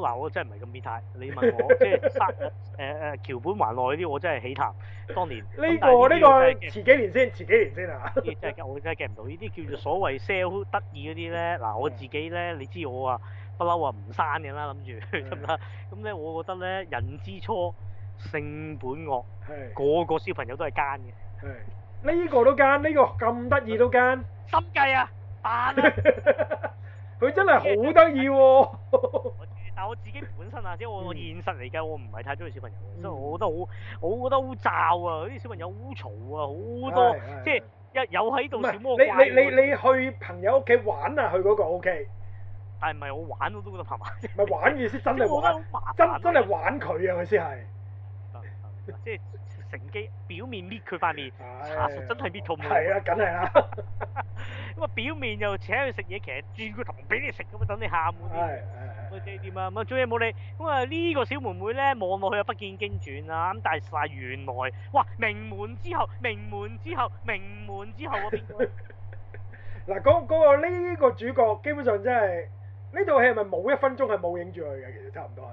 嗱，我真係唔係咁變態。你問我，即係刪誒誒橋本環奈啲，我真係喜談當年。呢、呢個呢個遲幾年先，遲幾年先啊。我真係記唔到呢啲叫做所謂 sell 得意嗰啲咧。嗱，我自己咧，你知我啊，不嬲啊唔刪嘅啦，諗住咁啦。咁咧，我覺得咧，人之初性本惡，的個個小朋友都係奸嘅。呢、呢個都奸，呢、呢個咁得意都奸。心計啊，扮啊！佢 真係好得意喎。 但我自己本身啊，即係我現實嚟嘅，我唔係太中意小朋友，所以我覺得好，我覺得好污糟啊，嗰啲小朋友好污糟啊，好多即係一有喺度。小魔怪你你你去朋友屋企玩啊，去嗰個 O K。但係唔係我玩，我都覺得麻煩。唔係玩意思真係玩，真真係玩佢啊，佢先係。即係乘機表面搣佢塊面，查實真係搣套面。係啊，梗係啦。咁啊，表面又請佢食嘢，其實轉個頭唔俾你食，咁啊等你喊嗰啲。去四店啊，咁啊做嘢冇理。咁啊呢、啊這個小妹妹咧望落去啊不見經傳啊，咁但晒原來哇名門之後，名門之後，名門之後啊邊個？嗱嗰、 啊那個呢、這個主角基本上真係呢套戲係咪冇一分鐘係冇影住佢嘅？其實差唔多係。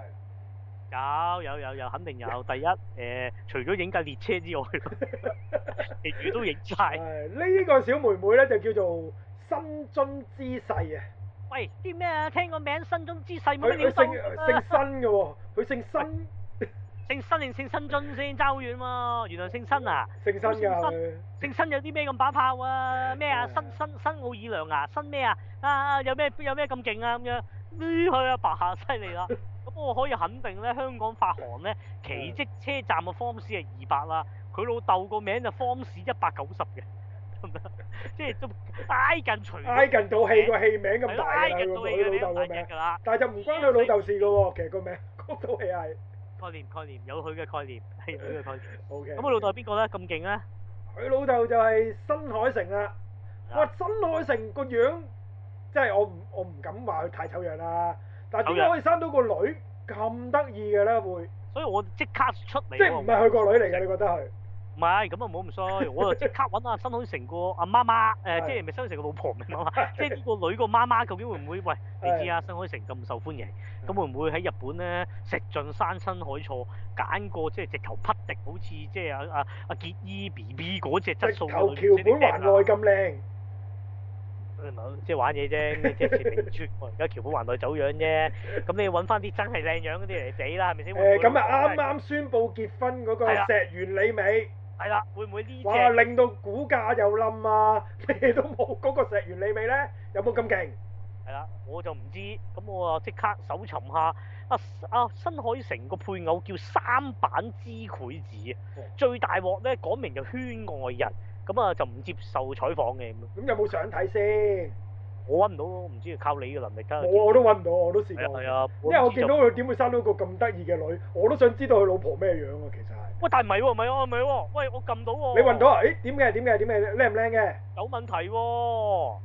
有有有有肯定有， 第一誒、呃，除咗影架列車之外，其 雨都影晒、 啊。呢、這個小妹妹咧就叫做新津姿勢啊！ 喂，啲咩啊？聽個名新中之勢，冇乜料，姓姓新嘅喎、啊，佢姓新，姓新定姓新津先揸好遠嘛？原來姓新啊？姓新嘅、啊，姓新，姓新有啲咩咁把炮啊？咩啊？新新新奧爾良啊？新咩啊？啊有咩有咩咁勁啊？咁樣呢？佢阿爸犀利啦。咁 我可以肯定咧，香港發行咧奇蹟車站嘅方士係二百啦，佢老豆個名就方士一百九十嘅。即係都挨近除挨近套戲個戲名咁大嘅啦，佢老豆個名。但係就唔關佢老豆事㗎喎，其實個名都係概念概念，有佢嘅概念係呢個概念。OK。咁佢老豆係邊個咧？咁勁咧？佢老豆就係新海誠啦。哇，新海誠個樣即係我唔我唔敢話佢太醜樣啦，但係點解可以生到個女咁得意嘅咧？會。所以我即刻出嚟。即係唔係佢個女嚟嘅？你覺得係？唔係，咁啊冇咁衰，我就即刻揾阿新海誠個阿媽媽，誒、呃、的即係咪新海誠個老婆明啊嘛，媽媽的即係呢個女個媽媽究竟會唔會？喂，你知啊，的新海誠咁受歡迎，咁的會唔會喺日本咧食盡山珍海錯，揀個即係直頭匹敵好似即係阿阿阿結衣 B B 嗰隻質素？直頭橋本環奈咁靚。唔好，即係玩嘢啫，即係傳聞傳。而家 橋本環奈走樣啫，咁你揾翻啲真係靚樣嗰啲嚟比啦，係咪先？誒，咁 啊啱啱 宣布結婚嗰個石原里美。 係啦，會唔會呢隻？哇，令到股價又冧啊！咩都冇，嗰個石原里美咧有冇咁勁？係啦，我就唔知。咁我啊即刻搜尋下啊啊新海誠個配偶叫三板知惠子啊，哦、最大鑊咧講明就圈外人，咁啊就唔接受採訪嘅咁。咁有冇相睇先？我揾唔到，唔知靠你嘅能力得。我我都揾唔到，我都試過。啊，啊因為我見到佢點會生到一個咁得意嘅女，我都想知道佢老婆咩樣啊，其實係。喂，但係唔係喎，唔係喎，唔係喎。喂，我撳到喎。你揾到啊？誒，點嘅點嘅點嘅，靚唔靚嘅？美美有問題喎、啊，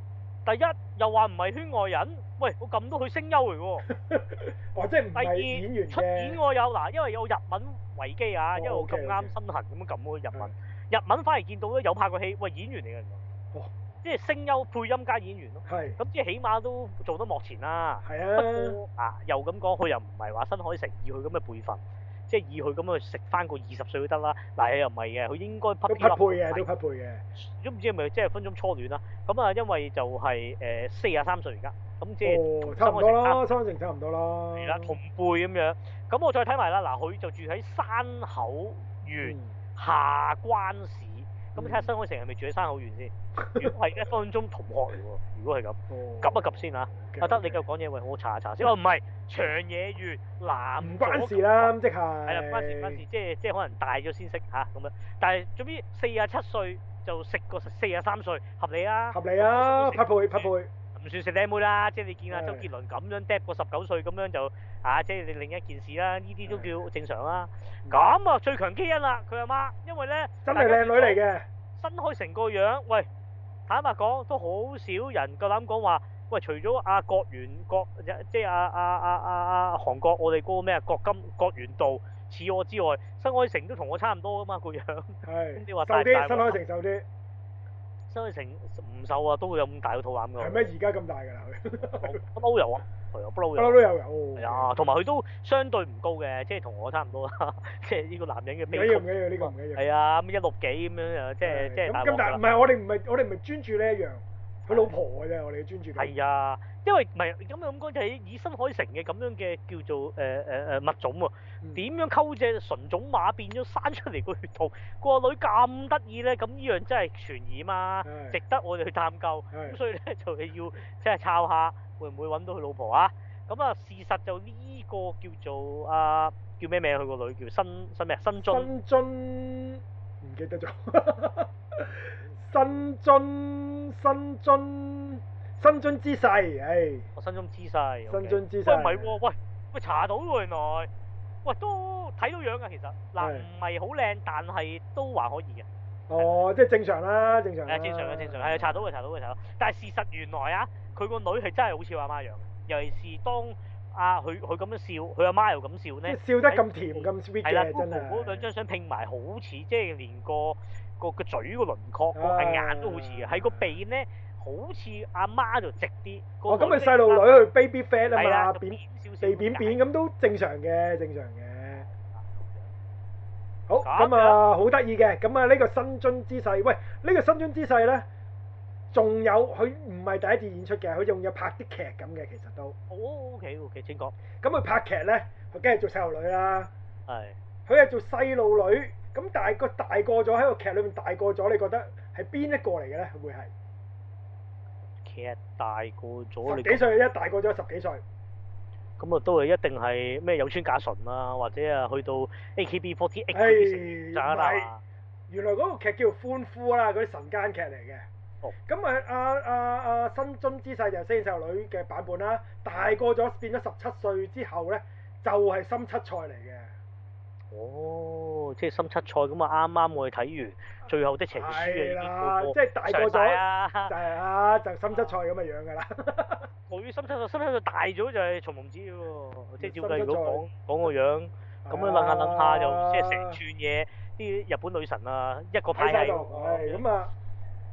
第一又話唔係圈外人，喂，我撳到佢聲優嚟喎。 哦，即係唔係演員嘅第二出演我、啊、有嗱，因為有日文維基啊，因為我咁啱身痕咁樣撳開日文，嗯、日文反而見到咧，有拍過戲，喂，演員嚟嘅。哦即係聲優配音加演員咯，係的，咁即係起碼都做到幕前啦。係啊的，不過啊，又咁講，佢又唔係話新海誠以佢咁嘅輩份，即係以佢咁去食翻個二十歲都得啦。嗱，又唔係嘅，佢應該匹配嘅，都匹配嘅。都唔知係咪即係分種初戀啦？咁啊，因為就係誒四十三歲而家，咁即係差唔多啦，差唔多啦。係啦，同輩咁樣。咁我再睇埋啦。嗱，佢就住喺山口縣下關市。嗯咁睇下新海誠係咪住喺山口縣先？如果係一分鐘同學嚟喎，如果係咁，及、okay, okay. 一及先嚇。阿得你繼續講嘢，好好查下查先。哦唔係，長野月男唔關事啦，即係係啦，關事關事，即係即係可能大咗先識嚇咁、啊、樣。但係總之，四十七歲就食個四十三歲，合理啊，合理啊，匹配匹配。唔算食靚妹啦，即係你見啊，周杰倫咁樣 dead 過十九歲咁樣就，啊，即係另另一件事啦、啊，呢啲都叫正常啦、啊。咁是的 啊，最強基因啦，佢阿媽，因為咧真係靚女嚟嘅，新開成個樣，喂，坦白講都好少人夠膽講話，喂，除咗阿郭元郭，即係阿阿阿阿阿韓國我哋嗰個咩啊，郭金郭元道似我之外，新開城都同我差唔多噶嘛個樣，係瘦啲， 大大新開成瘦啲。都係成唔瘦啊，都會有咁大個肚腩㗎。係咩？而家咁大㗎啦佢。不嬲有啊，係啊，不嬲有。不嬲都有。係、哦、啊，同埋佢都相對唔高嘅，即係同我差唔多啦。 即係呢個男人嘅悲劇。唔一樣，呢個唔一樣。係啊，咩一六幾咁樣啊？即係即係。咁大，唔係我哋唔係我哋唔係專注呢一樣。佢老婆㗎啫，我哋嘅專注。係啊，因為唔係咁樣咁講，就係以身改成嘅咁樣嘅叫做誒誒誒物種喎。點樣溝隻純種馬變咗生出嚟個血統？個女咁得意咧，咁呢樣，樣真係傳染啊，的值得我哋去探究。咁的所以咧就係要即係抄下，會唔會揾到佢老婆啊？咁啊事實就呢個叫做啊、呃、叫咩名？佢個女叫新新咩啊？新津。新津。唔記得咗。新津，新津，新津姿勢，哎，我新津姿勢，新津姿勢，唔、okay、係喂、哦、喂，喂查到喎，原來，喂都睇到樣㗎其實，嗱，唔係好靚但係都還可以嘅。哦，是是即係正常啦、啊，正常係、啊啊、正常嘅、啊、正常、啊，係、嗯嗯、查到嘅查到嘅查到，但係事實原來啊，佢個女係真係好似阿媽，媽樣，尤其是當。啊！佢佢咁樣笑，佢阿媽又咁笑咧，笑得咁甜咁 sweet 嘅，真係嗰兩張相拼埋好似，即係連個個個嘴個輪廓，個眼都好似嘅，喺個鼻咧好似阿媽就直啲。哦，咁咪細路女去 baby fat 啊嘛，鼻扁少少，鼻扁扁咁都正常嘅，正常嘅。好，咁啊，好得意嘅，咁啊呢個新樽姿勢，喂，呢個新樽姿勢咧。仲有佢唔係第一次演出嘅，佢仲有拍啲劇咁嘅，其實都。哦，oh，OK OK，請講。咁佢、嗯、拍劇咧，佢梗係做細路女啦。係是。佢係做細路女，咁但係個大個咗喺個劇裏面大個咗，你覺得係邊一個嚟嘅咧？會係劇大過咗。幾歲一說大過咗十幾歲。咁啊，都係一定係咩有村架純啦，啊，或者啊去到 A K B 四十八啦。原來嗰個劇叫做《歡呼》啊，嗰啲晨間劇嚟嘅。咁啊，阿阿阿新津之世就《星野少女》嘅版本啦，大過咗變咗十七歲之後咧，就係深七菜嚟嘅。哦，即係深七菜咁啊，啱啱我睇完《最後的情書》啊，即係大過咗就係啊，就深七菜咁嘅樣㗎啦。至於深七菜，深七菜大咗就係松蒙子喎，即係照計如果講講個樣，咁樣諗下諗下就即係成串嘢，啲日本女神啊，一個排係，係咁啊。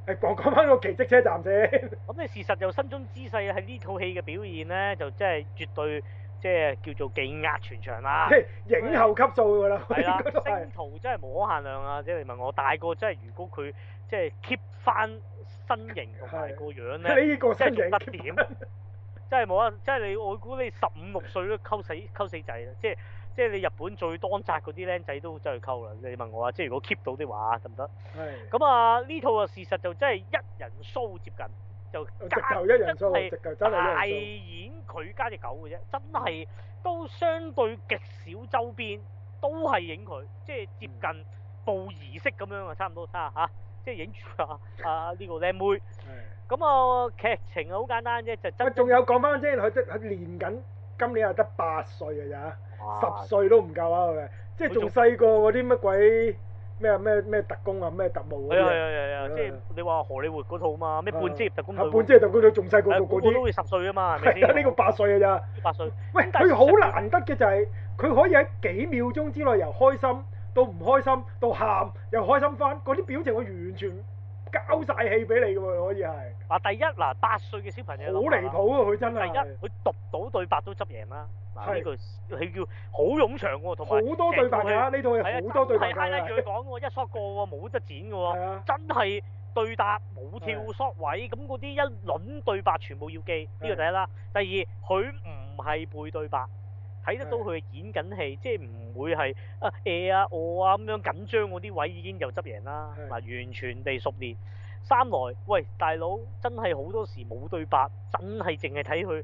係講講翻個奇蹟車站先。咁你、嗯、事實就心中姿勢喺呢套戲嘅表現咧，就真係絕對即係、就是、叫做技壓全場啦。影后級數㗎啦， 的 星途真係無可限量啊！即係你問我大個真係，如果佢即係 keep 翻身形同埋個樣咧，呢個真係不得點。 真係冇啊！即係你，我估你十五六歲都溝死溝死仔啦，即係。即係你日本最多紮嗰啲僆仔都走去溝啦。你問我啊是、嗯、啊，即係如果 keep 到啲話得唔得？係。咁啊呢套啊事實就真係一人 show 接近，就一加真係大演佢加隻狗嘅啫。嗯、真係都相對極少，周邊都係影佢，即係接近布兒式咁樣啊，差唔多差嚇。即係影住啊啊呢、這個僆妹。係是、嗯。咁啊劇情好簡單啫，就仲有講翻啫，佢即係練緊。今年係得八歲嘅咋、啊啊、十歲都唔夠啊佢，即係仲細過嗰啲乜鬼咩咩咩特工啊，咩、啊、特務嗰啲啊，即係你話荷里活嗰套嘛，咩、啊、半職業特工、啊，半職業特工、啊、都仲細過嗰啲，好似十歲啊嘛，係啊，呢有個八歲嘅咋，八歲。喂，佢好難得嘅就係、是、佢可以喺幾秒鐘之內由開心到唔開心到喊又開心翻，嗰啲表情佢完全交晒戲俾你㗎喎、啊，可以係。嗱，第一嗱，八歲嘅小朋友好離譜啊。佢真係。第一，佢讀到對白都執贏啦。係。呢句係叫好冗長喎，同埋好多對白。呢套係好多對白。真係拉拉住講喎，一索過喎，冇得剪嘅喎。真係對答冇跳索位，咁嗰啲一輪對白全部要記。呢個第一啦。第二，佢唔係背對白，睇得到佢演緊戲，即係唔會係啊誒啊我啊咁樣緊張嗰啲位已經又執贏啦。嗱，完全地熟練。三來，喂，大佬，真係好多時冇對白，真係淨係睇佢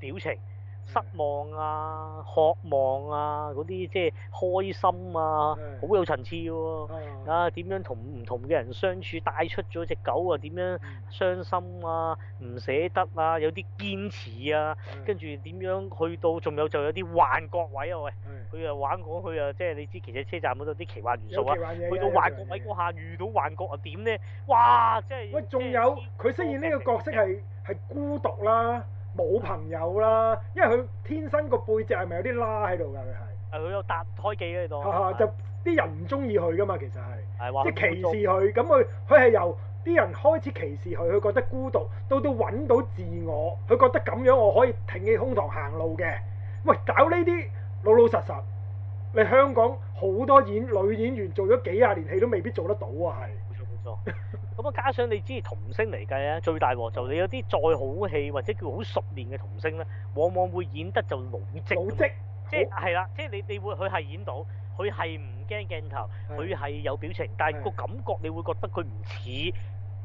表情。失望啊、渴望啊、嗰啲即係開心啊，好有層次喎。啊，點樣同唔同嘅人相處，帶出咗隻狗啊？點樣傷心啊、唔捨得啊、有啲堅持啊，跟住點樣去到？仲有就有啲幻覺位啊！喂，佢又玩過去佢啊。即係你知，其實車站嗰度啲奇幻元素啊，去到幻覺位嗰下遇到幻覺啊，點咧？哇！喂，仲有佢飾演呢個角色係係孤獨啦。冇朋友啦，因為佢天生個背脊係咪有啲拉喺度㗎？佢係啊，佢有搭胎記喺度。就啲 人唔中意佢㗎嘛，其實係即係歧視佢，咁佢佢係由啲人開始歧視佢，佢覺得孤獨，到到揾到自我，佢覺得咁樣我可以挺起胸膛行路嘅。喂，搞呢啲老老實實，你香港好多演女演員做咗幾廿年戲都未必做得到啊！係。咁啊， 加上你知童星嚟計咧，最大鑊就你有啲再好戲或者叫好熟練嘅童星咧，往往會演得就老積，老積即係係啦，我 即係你你會佢係演到，佢係唔驚鏡頭，佢係是的 有表情，但係個感覺你會覺得佢唔似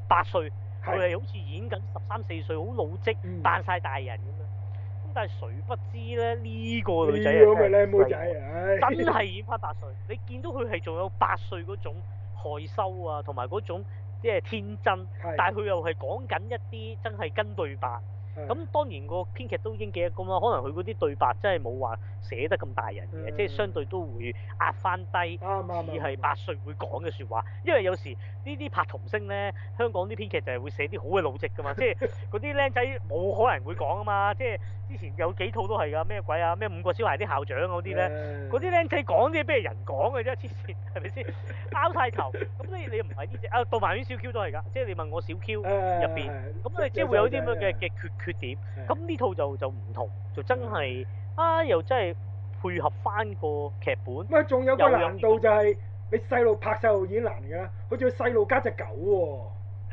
八歲，佢係是的 好似演緊十三四歲好老積，嗯、扮晒大人咁樣。咁但係誰不知咧？呢、這個女仔係真係演翻八歲，你見到佢係仲有八歲嗰種。害羞啊，同埋嗰種即係天真，的但係佢又係講緊一啲真係跟對白。咁當然個編劇都已經記得咁啦，可能佢嗰啲對白真係冇話寫得咁大人嘅，即係相對都會壓翻低，似係八歲會講嘅説話。因為有時呢啲拍童星咧，香港啲編劇就係會寫啲好嘅老積㗎嘛，即係嗰啲僆仔冇可能會講啊嘛，即係之前有幾套都係㗎，咩鬼啊咩五個小孩啲校長嗰啲咧，嗰啲僆仔講啲咩人講嘅啫，黐線係咪先？包晒頭，咁所以你唔係呢隻啊《導盲犬小 Q》都係㗎，即係你問我小 Q 入邊，咁所以即係會有啲咁嘅嘅缺缺點，咁呢套就就唔同，就真係啊，又真係配合翻個劇本。唔仲有個難度就係你細路拍細路已經難㗎，仲要細路加隻狗喎。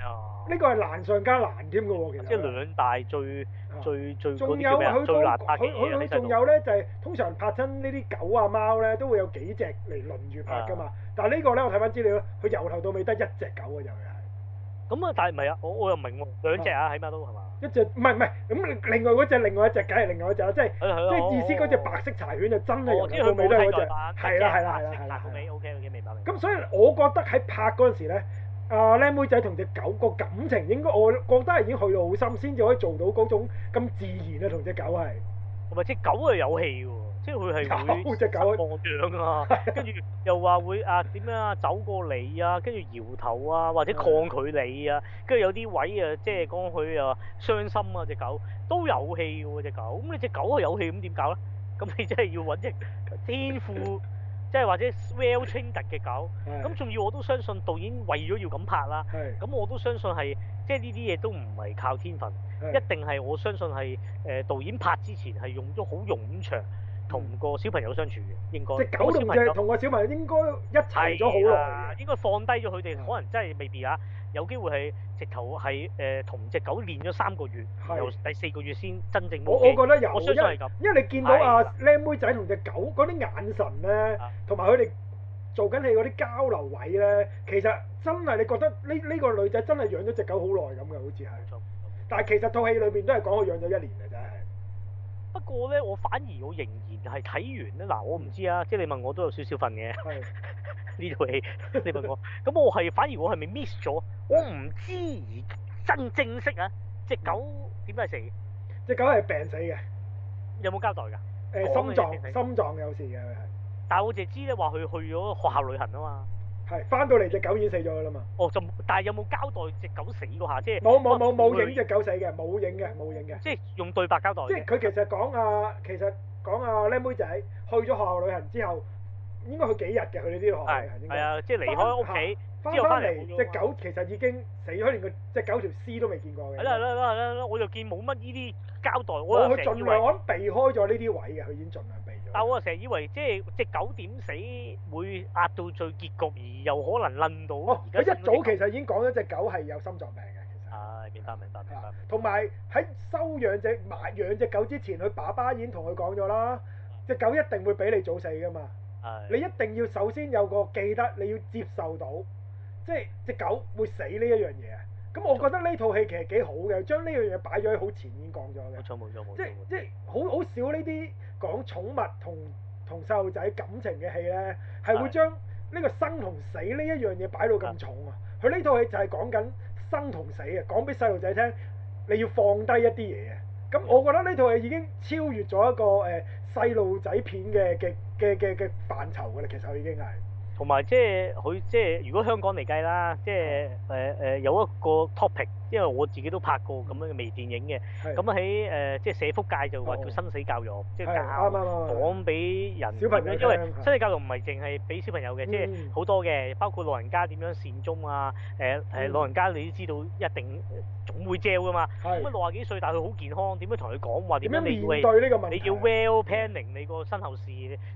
啊！呢個係難上加難添㗎喎，其實。即係兩大最最最重要嘅。仲有佢佢佢佢仲有咧，就係通常拍親呢啲狗啊貓咧，都會有幾隻嚟輪住拍㗎嘛。但係呢個咧，我睇翻資料，佢由頭到尾得一隻狗㗎，又係。咁啊，但係唔係啊？我我又明喎，兩隻啊，起碼都係嘛。一隻唔係唔係，咁另外嗰隻另外一隻梗係另外一隻啦，即係即係意思嗰隻好白色柴犬就真係、哦、有個尾都係嗰隻，係啦係啦係啦係啦，個尾 OK OK 明白。咁所以我覺得喺拍嗰陣時咧，啊、呃、靚妹仔同隻狗個感情應該我覺得係已經去到好深，先至可以做到嗰種咁自然啊同隻狗係。同埋隻狗係有戲喎。即係佢係會放養狗的狗啊，跟住又話會啊點樣啊走過嚟啊，跟住搖頭啊或者抗拒你啊，跟住、嗯、有啲位啊，即係講佢啊傷心啊，隻狗都有戲喎隻狗，咁你隻狗係有戲咁點搞咧？咁你真係要揾隻天賦，即係 或者 well trained 嘅狗。咁仲要我都相信導演為咗要咁拍啦。咁是的 我都相信係即係呢啲嘢都唔係靠天分，是的 一定係我相信係誒、呃、導演拍之前係用咗好冗長。同個小朋友相處嘅應該，隻狗同隻同個小朋友應該一齊咗好耐，應該放低咗佢哋，可能真係未必呀，有機會係直頭係誒同隻狗練咗三個月，由第四個月先真正冇。我我覺得有，我相信係咁，因為你見到阿靚妹仔同隻狗嗰啲眼神咧，同埋佢哋做緊戲嗰啲交流位咧，其實真係你覺得呢呢個女仔真係養咗隻狗好耐咁嘅，好似係，但係其實套戲裏邊都係講佢養咗一年嘅啫。不過咧，我反而我仍然係睇完咧。嗱，我唔知啊，即係你問我都有少少瞓嘅呢套戲。是 你問我，咁我係反而我係咪 miss 咗？ 我唔知而真正式啊，隻狗點解死？隻狗係病死嘅，有冇交代㗎？誒、呃，心臟心臟，心臟有事嘅。但係我淨係知咧，話佢去咗學校旅行啊嘛。係翻到嚟隻狗已經死咗㗎啦嘛。哦，就但係有冇交代隻狗死過下？即係冇冇冇冇影隻狗死嘅，冇影嘅，冇影嘅。即係用對白交代，即係佢其實講啊，是的 其實講啊，僆的、啊、妹仔去咗學校旅行之後。應該去幾日嘅佢呢啲學係，啊，即係離開屋企，之後翻嚟隻狗其實已經死，佢連個隻狗條屍都未見過嘅。係啦啦啦啦！我就見冇乜呢啲交代，我又成日以為避開咗呢啲位嘅。佢已經盡量避咗。但我成日以為即係隻狗點死會壓到最結局，而又可能冧到。佢一早其實已經講咗隻狗係有心臟病嘅。其實，係，明白明白明白。同埋喺收養隻埋養隻狗之前，佢爸爸已經同佢講咗啦，隻狗一定會畀你早死㗎嘛。你一定要首先有個記得，你要接受到，即係隻狗會死呢一樣嘢。咁我覺得呢套戲其實幾好嘅，將呢樣嘢擺咗喺好前面講咗嘅。冇錯，冇錯，冇錯。即係即係，好好少呢啲講寵物同同細路仔感情嘅戲呢，係會將呢個生同死呢一樣嘢擺到咁重啊。佢呢套戲就係講緊生同死嘅，講俾細路仔聽，你要放低一啲嘢。咁我覺得呢套嘢已經超越咗一個誒細路仔片嘅嘅嘅嘅嘅範疇㗎啦，其實已經係。同埋即係佢即係如果香港嚟計啦，即係誒誒有一個 topic。因為我自己都拍過咁樣嘅微電影嘅，咁喺誒即係社福界就話叫生死教育，即係教講俾人，小朋友因為生死教育唔係淨係俾小朋友嘅，即係好多嘅，包括老人家點樣善終啊，誒誒老人家你都知道一定總會啫㗎嘛。咁啊六十幾歲，但係佢好健康，點樣同佢講話？點樣面對呢個問題？你要 well planning 你個身後事，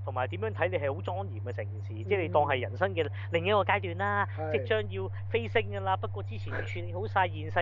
同埋點樣睇你係好莊嚴嘅成件事，即係你當係人生嘅另一個階段啦，即將要飛升㗎啦。不過之前串好晒現世。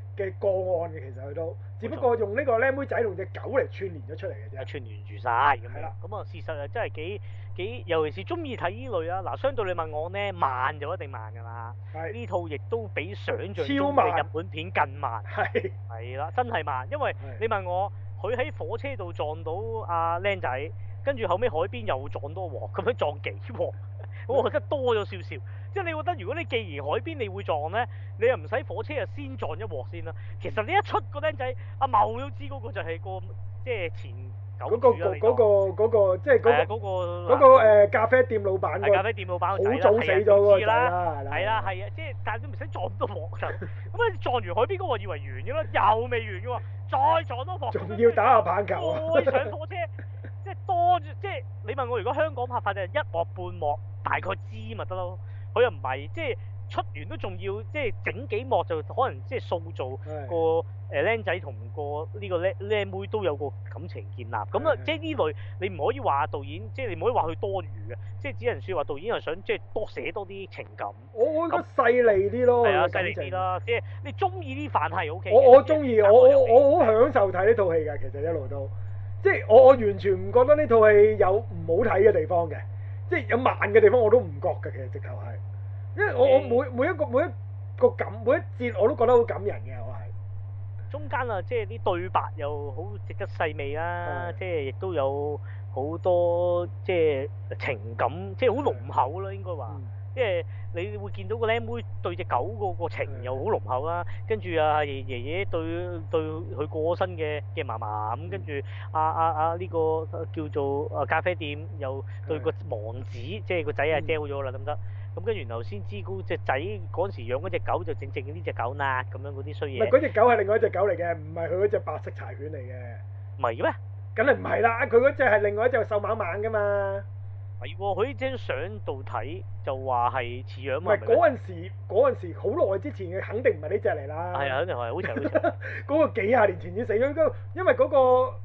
嘅個案嘅，其實佢都，只不過用呢個僆妹仔同隻狗嚟串聯咗出嚟嘅啫，串聯住晒，咁的樣，係啦。咁啊，事實又真係幾幾，尤其是中意睇依類啊。嗱，相對你問我咧，慢就一定慢㗎啦。係呢的套亦都比想象中嘅日本片更慢。係係啦，真係慢，因為你問我佢喺火車度撞到阿僆仔，跟住後尾海邊又撞多鑊，咁樣撞幾鑊？的 我覺得多咗少少，即係你覺得如果你既然海邊你會撞咧，你又唔使火車又先撞一鑊先啦。其實你一出個僆仔，阿茂都知嗰個就係個即係前九個嗰、啊那個即係嗰個嗰個咖啡店老闆、啊、咖啡店老闆好早死咗㗎啦，係啦係啊，即係、啊啊啊啊啊、但係 你唔使撞咁多鑊嘅，咁啊撞完海邊嗰鑊以為完咗啦，又未完㗎喎，再撞多鑊，仲要打棒球、啊，再上火車。 哦、即係你問我，如果香港拍法就係一幕半幕，大概知咪得咯？佢又唔係，即係出完都仲要，即係整幾幕就可能即係塑造個誒僆的、呃、仔同個呢個僆僆妹都有個感情建立。咁啊的，即係呢類你唔可以話導演，即係你唔可以話佢多餘嘅，即係只能説話導演又想即係多寫多啲情感。我我覺得細膩啲咯，係啊那，細膩啲啦。即係你中意啲範圍 OK 我。我我中意，我我我，我，我好享受睇呢套戲㗎，其實一路都。即係我我完全唔覺得呢套戲有唔好睇嘅地方嘅，即係有慢嘅地方我都唔覺嘅，其實直頭係，因為我我每 Okay. 每一個每一個感每一節我都覺得好感人嘅，我係中間啊，即係啲對白又好值得細味啦，Okay. 即係亦都有好多即係情感即係好濃厚咯、啊，應該話。嗯即係你會見到個僆妹對隻狗個個情又好濃厚啦、啊，跟住啊爺爺爺對對佢過身嘅嘅嫲嫲咁，跟住、嗯、啊啊啊呢、這個叫做啊咖啡店又對個王子，嗯、即係個仔啊丟咗啦，得唔得？咁跟住然後先知個只仔嗰陣時養嗰隻狗就正正呢隻狗啦，咁樣嗰啲衰嘢。唔係嗰隻狗係另外一隻狗嚟嘅，唔係佢嗰隻白色柴犬嚟嘅。唔係嘅咩？梗係唔係啦，佢嗰隻係另外一隻瘦蜢蜢噶嘛。係佢依張相度睇就話係似樣嘛。唔係嗰陣時，嗰陣時好耐之前嘅，肯定唔係呢隻嚟啦。係啊，肯定係，好似係嗰個幾廿年前已經死咗，因為嗰個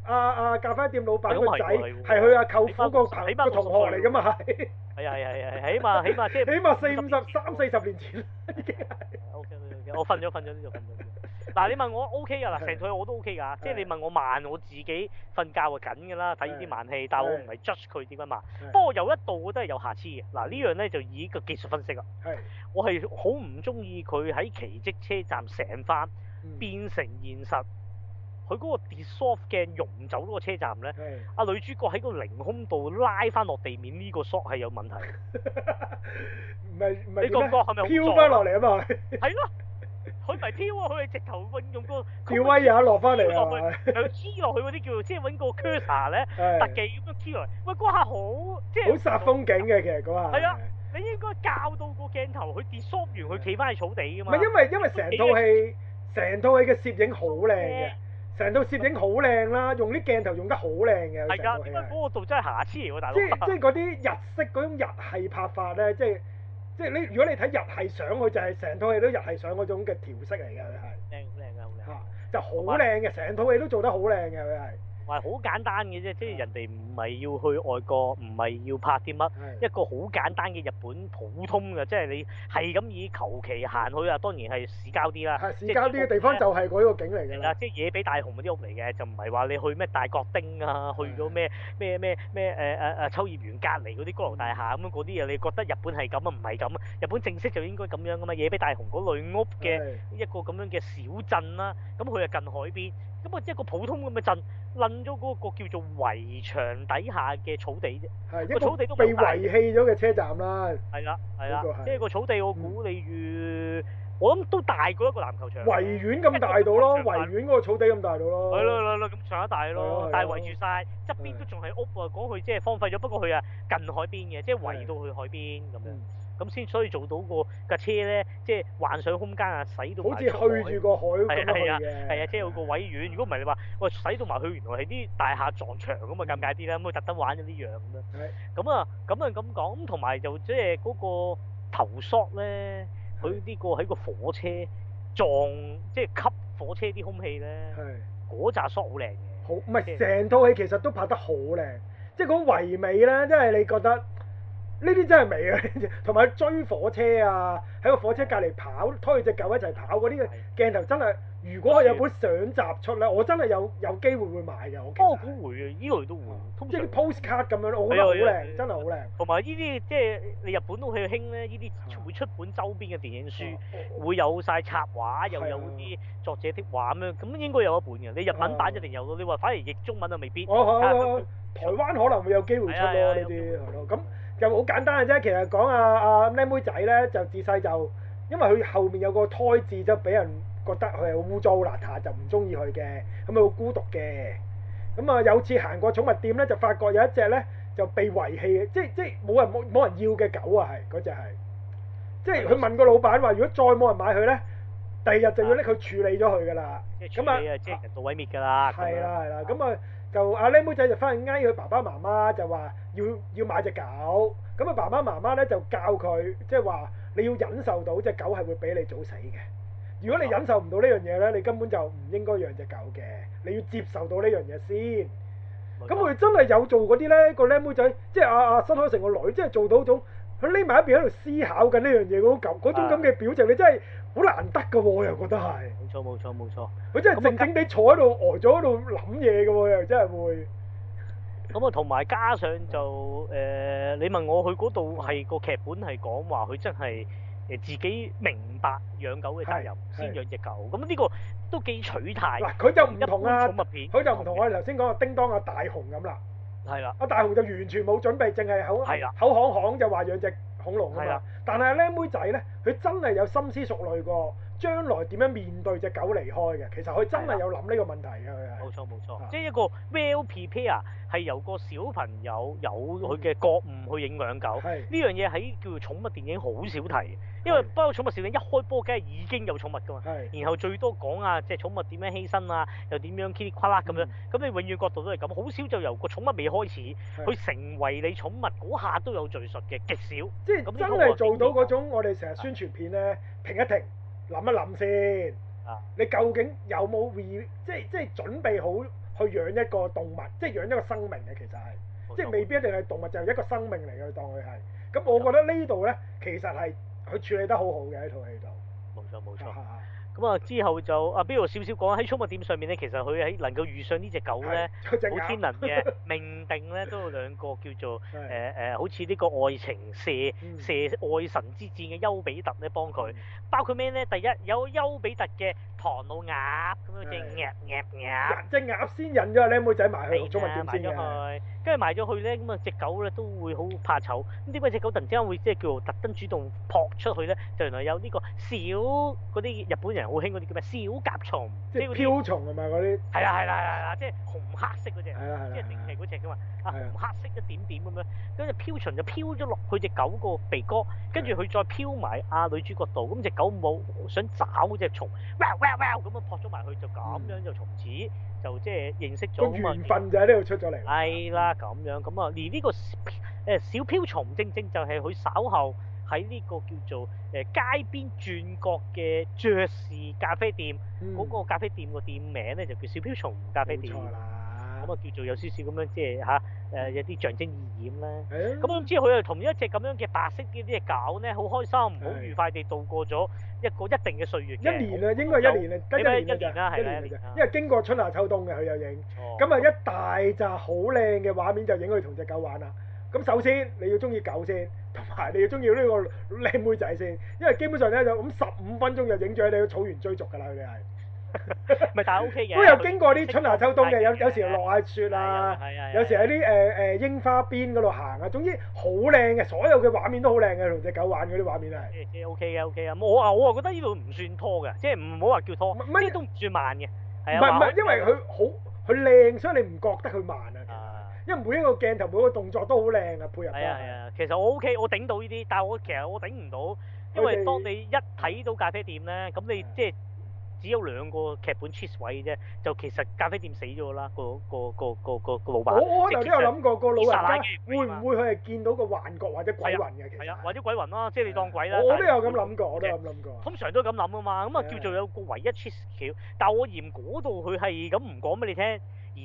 阿阿咖啡店老闆個仔係佢阿舅父個朋個同學嚟㗎嘛，係。係啊係係起碼起碼即起碼四五十、三四十年前 O K O K，我瞓咗瞓咗呢就瞓咗嗱，你問我 O K 噶，嗱成套我都 O K 噶，的即係你問我慢，我自己瞓覺緊㗎啦，睇呢啲慢戲，但係我唔係 judge 佢點樣慢。的不過有一度，我都係有瑕疵嘅。嗱，呢樣咧就以個技術分析啦。係的。我係好唔中意佢喺奇蹟車站成翻變成現實，佢嗰個 dissolve 鏡融走嗰個車站咧，阿女的、啊、主角喺個凌空度拉翻落地面呢、呢個 shot 係有問題。唔係唔係，你覺唔覺係咪好壯？是是飄翻落嚟啊嘛。係咯。佢咪挑跳啊，佢係直頭運用個吊威亞落翻嚟，黐落、啊、去，黐落 去嗰啲叫做即係揾個 camera 咧特技咁樣黐嚟。喂，嗰下好即係好殺風景嘅，其實嗰下。係啊，你應該教到個鏡頭，佢跌 soft 完，佢企翻喺草地㗎嘛。唔係，因為因為成套戲，成套戲嘅攝影好靚嘅，成套攝影好靚啦，用啲鏡頭用得好靚嘅。係噶的，點解嗰個度真係瑕疵喎，大佬？的即即係嗰啲日式嗰種日系拍法咧，即係。即係你，如果你睇日系相，佢就係、係、成套戲都日系相嗰種嘅調色嚟嘅，係。靚靚㗎，嚇， 就好靚嘅，成套戲都做得好靚嘅，佢係。話好簡單嘅啫，即係人哋唔係要去外國，唔係要拍啲乜，一個好簡單嘅日本普通嘅，即係你係咁以求其行去啊。當然係市郊啲啦，市郊啲嘅地方就係嗰個景嚟嘅。啦，即係野比大雄嗰啲屋嚟嘅，就唔係話你去咩大角町啊，去咗咩咩咩咩誒誒誒秋葉原隔離嗰啲高樓大廈咁嗰啲嘢，你覺得日本係咁啊？唔係咁啊？日本正式就應該咁樣噶嘛，野比大雄嗰類屋嘅一個咁樣嘅小鎮啦。咁佢係近海邊。咁啊，即係個普通咁嘅鎮，冧咗嗰個叫做圍牆底下嘅草地啫。係、嗯，個草地都被遺棄咗嘅車站啦。係啦，係啦，即係個草地，我估你預，我諗都大過一個籃球場。維園咁大到咯，維園嗰個草地咁大到咯。係咯，係咯，咁上下大咯，但係圍住晒，側邊都仲係屋啊。講佢即係荒廢咗，不過佢啊近海邊嘅，即係圍到去海邊咁樣。咁先所以做到個架車咧，即係幻想空間啊，使到好似去住個海咁嘅係啊，係啊，即係、啊、個位遠。如果唔係你話，哇，使到埋去原來係啲大廈撞牆咁啊，尷尬啲啦。咁佢特登玩咗啲是、嗯嗯、樣咁樣。咁啊，咁啊咁講，同埋就即係嗰個頭索咧，佢呢是、這個喺個火車撞，即、就、係、是、吸火車啲空氣咧。係是。嗰扎索好靚嘅。好，唔係成套戲其實都拍得好靚，即係好唯美啦，即、就、係、是、你，你覺得。呢啲真係未啊！同埋追火車啊，喺個火車隔離跑，拖佢隻狗一齊跑嗰啲嘅鏡頭真係。如果係有本相集出咧，我真係有有機會會買嘅。我估會嘅，呢類都會。即係啲 postcard 咁樣，我覺得好靚，真係好靚。同埋呢啲即係你日本都係興咧，呢啲會出本周邊嘅電影書，會有晒插畫，又有啲作者啲畫咁樣，咁應該有一本嘅。你日文版一定有，你話反而譯中文就未必。台灣可能會有機會出呢啲係咯。咁就好簡單嘅啫，其實講啊，阿、啊、僆妹，妹仔咧，就自細就，因為佢後面有個胎字，就俾人覺得佢係污糟邋遢，就唔中意佢嘅，咁咪好孤獨嘅。咁啊，有次行過寵物店咧，就發覺有一隻咧就被遺棄嘅，即即冇人冇冇人要嘅狗啊，係嗰隻係。即係佢問個老闆話：如果再冇人買佢咧，第二日就要拎佢處理咗佢噶啦。咁啊，樣即係人道毀滅㗎啦。係啦係啦，咁啊。就阿僆妹仔就翻去挨佢爸爸媽媽，就話要要買隻狗。咁啊爸爸媽媽咧就教佢，即係話你要忍受到隻狗係會畀你早死嘅。如果你忍受唔到呢樣嘢咧，你根本就唔應該養隻狗嘅。你要接受到呢樣嘢先。咁我哋真係有做嗰啲咧，個僆妹仔即係阿阿新海誠個女，即係做到種佢匿埋一邊喺度思考緊呢樣嘢嗰種狗嗰種咁嘅表情，你真係好難得㗎喎，我又覺得係。冇錯冇錯，佢真係靜靜地坐喺度呆咗喺度諗嘢嘅喎，又真係會。咁啊，同埋加上就誒，你問我佢嗰度係個劇本係講話佢真係誒自己明白養狗嘅責任先養隻狗，咁呢個都幾取態。嗱，佢就唔同啊，寵物片，佢就唔同我哋頭先講個叮當阿大雄咁啦。係啦。阿大雄就完全冇準備，淨係口口行行就話養隻恐龍啊啦。係啦。但係靚妹仔咧，佢真係有心思熟慮過，將來點樣面對隻狗離開嘅？其實佢真係有諗呢個問題嘅。冇錯冇錯，即係一個 well prepare 係由個小朋友有佢嘅覺悟去影養狗。呢樣嘢喺叫做寵物電影好少提，因為包括寵物小影一開波梗係已經有寵物噶嘛。然後最多講啊，即係寵物點樣犧牲啊，又點樣噼里啪啦咁樣。咁你永遠角度都係咁，好少就由個寵物未開始，去成為你寵物嗰下都有敍述嘅，極少。即係真係做到嗰種我哋成日宣傳片咧，停一停。諗一諗先，啊、你究竟有冇即係即係準備好去養一個動物，即係養一個生命嘅？啊、其實係，冇錯，即係未必一定係動物就係，是，一個生命嚟嘅，當佢係。咁我覺得呢度咧，其實係佢處理得好好嘅喺套戲度。冇錯，冇錯。啊咁啊、嗯，之後就啊，比如少少講喺寵物店上面咧，其實佢喺能夠遇上呢隻狗咧，好的天能嘅命 定咧，都有兩個叫做誒誒的、呃呃，好似呢個愛情射、嗯、射愛神之戰嘅丘比特咧幫佢，嗯、包括咩咧？第一有丘比特嘅。藏到鴨咁樣隻鴨鴨鴨，隻鴨先引咗靚妹仔埋去，寵埋咗佢。跟住埋咗去咧，咁啊隻狗咧都會好怕醜。咁點解隻狗突然之間會即係叫特登主動撲出去咧？就原來有呢個小嗰啲日本人好興嗰啲叫咩小甲蟲，即係瓢蟲係嘛嗰啲？係啦係啦係啦，即係紅黑色嗰隻，即係定期嗰隻㗎嘛。紅黑色一點點咁樣，跟住瓢蟲就飄咗落去隻狗個鼻哥，跟住佢再飄埋阿女主角度。咁隻狗冇想找嗰隻蟲，咁啊撲咗埋佢就咁樣就從此就即係認識咗啊嘛緣分就喺呢度出咗嚟。係啦，咁樣咁啊，連呢個誒小瓢蟲正正就係佢稍後喺呢個叫做誒街邊轉角嘅爵士咖啡店嗰、嗯、個咖啡店個店名咧就叫小瓢蟲咖啡店。咁啊，叫做有少少咁樣，即係嚇誒，有啲象徵意義咁啦。咁唔知佢又同一隻咁樣嘅白色嘅啲隻狗咧，好開心、好愉快地度過咗一個一定嘅歲月一年啊，應該係一年啊，跟住一年㗎，一年㗎，因為經過春夏秋冬嘅，佢又影。咁啊，一大紮好靚嘅畫面就影佢同隻狗玩啦。咁首先你要中意狗先，同埋你要中意呢個靚妹仔先，因為基本上咧就咁十五分鐘就影住你個草原追逐㗎啦，佢哋係。唔係， 但係 OK 嘅的。不過又經過啲春夏秋冬嘅，嗯、有、嗯、有時有落下雪啊，啊啊有時喺啲誒誒櫻花邊嗰度行啊，總之好靚嘅，所有嘅畫面都好靚嘅，同隻狗玩嗰啲畫面啊。誒、欸、OK 嘅 OK 啊，我啊我啊覺得呢度唔算拖嘅，即係唔好話叫拖，乜但都唔算慢嘅。唔係唔係，不我因為佢好佢靚，所以你唔覺得佢慢啊。啊因為每一個鏡頭每一個動作都好靚啊，配合到、啊。啊，啊其實我 OK，我頂到呢啲，但係我其實我頂唔到，因為當你一睇到咖啡店咧，咁你、嗯、即係。只有兩個劇本 cheat 位啫，就其實咖啡店死咗啦，個個個個個老闆。我我頭先有諗過，個老人會唔會佢係見到個幻覺或者鬼魂嘅？其係啊，啊，或者鬼魂啦、啊，即係你當鬼啦。啊、我都有咁諗過，過，我都咁諗過。通常都咁諗啊嘛，咁啊叫做有個唯一 cheat 橋、啊，但係我嫌嗰度佢係咁唔講俾你聽。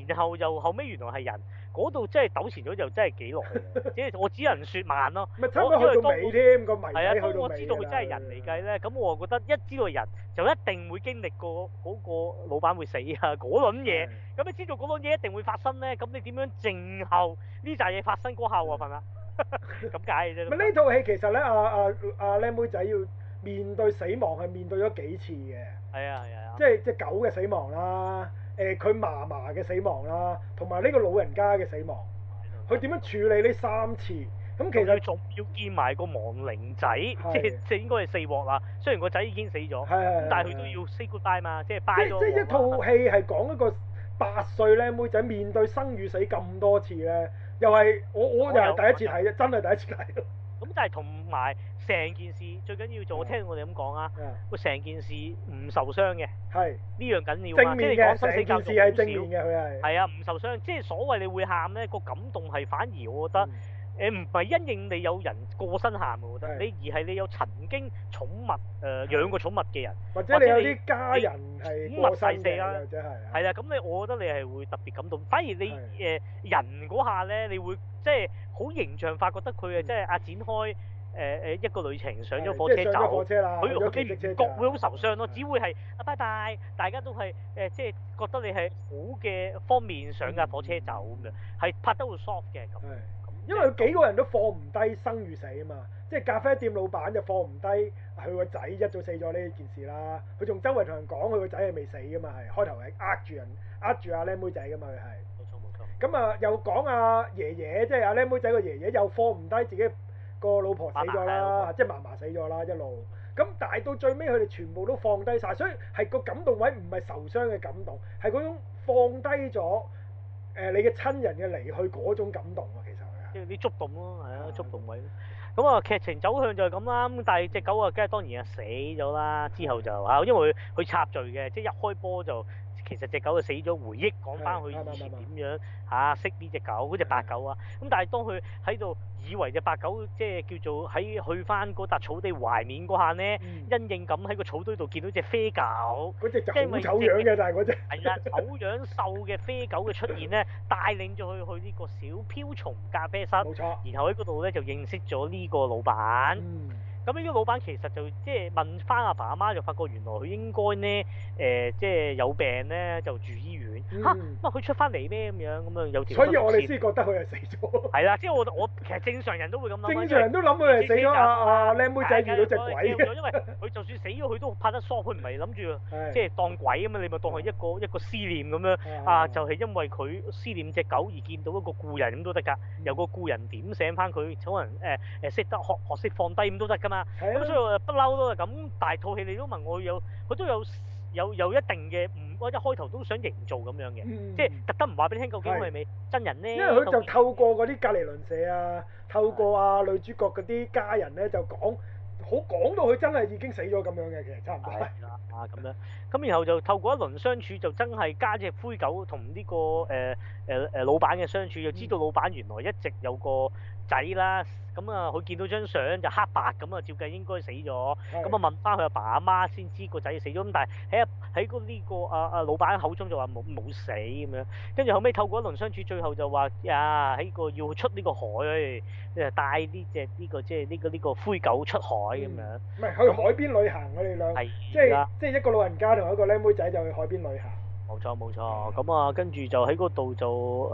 然後又後尾，原來係人，嗰度真係糾纏咗又真係幾耐，即係我只能説慢咯。咪差唔多去到尾添個迷啊，我知道佢真係人嚟計咧，咁我就覺得一知道人就一定會經歷過嗰個老闆會死啊嗰輪嘢。咁你知道嗰輪嘢一定會發生咧，咁你點樣靜候呢扎嘢發生嗰後啊份啊？咁解嘅啫。咪呢套戲其實咧，阿阿阿靚妹仔要面對死亡係面對咗幾次嘅。係啊係啊。即係隻狗嘅死亡啦。誒佢嫲嫲嘅死亡啦，同埋呢個老人家嘅死亡，佢點樣處理呢三次？咁其實仲要見埋個亡靈仔，的即係即係應該係四鍋四鑊啦。雖然個仔已經死咗，咁的但係佢都要 say goodbye 嘛，即係拜即即一套戲係講一個八歲靚妹仔面對生與死咁多次咧，又係我我又有係第一次睇，真係第一次睇。咁對 就係同埋。成件事最緊要做，聽我哋咁講啊！會成件事唔受傷嘅，係呢樣緊要即係講生死教育，正面嘅，成件事係正面嘅，佢係係啊，唔受傷。即係所謂你會喊咧，個感動係反而我覺得誒唔係因應你有人過身喊，我覺得你而係你有曾經寵物誒養過寵物嘅人，或者你有啲家人係寵物細死啊，或係係啦，咁你我覺得你係會特別感動。反而你誒人嗰下咧，你會即係好形象化，覺得佢啊即係啊展開。誒誒一個旅程上咗火車走，佢用啲唔覺會好受傷咯，只會係阿拜拜，大家都係誒，即係覺得你係好嘅方面上架火車走咁樣，係拍得好 soft 嘅咁。係，因為佢幾個人都放唔低生與死啊嘛，即係咖啡店老闆就放唔低佢個仔一早死咗呢件事啦，佢仲周圍同人講佢個仔係未死噶嘛，係開頭係呃住人，呃住阿僆妹仔噶嘛，佢係冇錯冇錯。咁啊，又講阿爺爺，即係阿僆妹仔個爺爺又放唔低自己。個老婆死咗啦，麻麻即係麻麻死咗啦，一路。咁但係到最尾佢哋全部都放低晒。所以係個感動位唔係受傷嘅感動，係嗰種放低咗誒你嘅親人嘅離去嗰種感動啊，其實係。因為啲觸動咯，係啊，觸動位咯。咁啊、嗯，劇情走向就係咁啦。咁但係隻狗啊，梗係當然係死咗啦。之後就啊，因為佢插罪嘅，即係一開波就。其實隻狗就死咗，回憶講翻佢以前點樣嚇、啊、識呢隻狗，嗰隻白狗啊。咁的但係當佢喺度以為隻白狗即係、就是、叫做喺去翻嗰笪草地懷緬嗰下呢，嗯、因應咁喺個草堆度見到隻啡狗。嗰隻就因為醜樣嘅，但係嗰隻係啊醜樣瘦嘅啡狗嘅出現呢，帶領咗佢去呢個小瓢蟲咖啡室。冇錯。然後喺嗰度呢，就認識咗呢個老闆。嗯。咁呢個老闆其實就即係問翻阿爸阿媽，就發覺原來佢應該咧誒、呃、即係有病咧，就住醫院。嚇，咁佢出翻嚟咩咁樣，咁啊有條所以我哋先覺得佢係死咗。係啦，即係我我其實正常人都會咁諗，正常人都諗佢係死咗。阿阿靚妹仔見到隻鬼，因為佢就算死咗，佢都拍得疏佢唔係諗住即係當鬼啊嘛。你咪當佢一個一個思念咁樣。啊，就係因為佢思念隻狗而見到一個故人咁都得㗎。有個故人點醒翻佢，可能誒誒識得學學識放低咁都得㗎嘛。咁所以不嬲都係咁。咁大套戲你都問我有，佢都有。有有一定嘅唔，我一開頭都想營造咁樣嘅，嗯、即係特登唔話俾你聽究竟係咪真人咧？因為佢就透過嗰啲隔離鄰舍啊，透過啊的女主角嗰啲家人咧就講，好講到佢真係已經死咗咁樣嘅，其實差唔多係啊咁樣。咁 然後就透過一輪相處，就真係加隻灰狗同呢、呢個誒誒誒老闆嘅相處，就知道老闆原來一直有個。嗯仔啦，咁啊、嗯，佢見到張相就黑白咁啊，照計應該死咗，咁啊問翻佢阿爸阿媽先知個仔死咗，咁但係喺喺呢個阿阿老闆口中就話冇冇死咁樣，跟住後尾透過一輪相處，最後就話啊喺個要出呢個海，誒帶呢隻呢個即係呢個呢個灰狗出海咁樣，唔係去海邊旅行，我哋兩即係即係一個老人家同一個僆妹仔就去海邊旅行。冇錯，冇錯。咁、嗯、啊，跟住就喺嗰度就誒誒，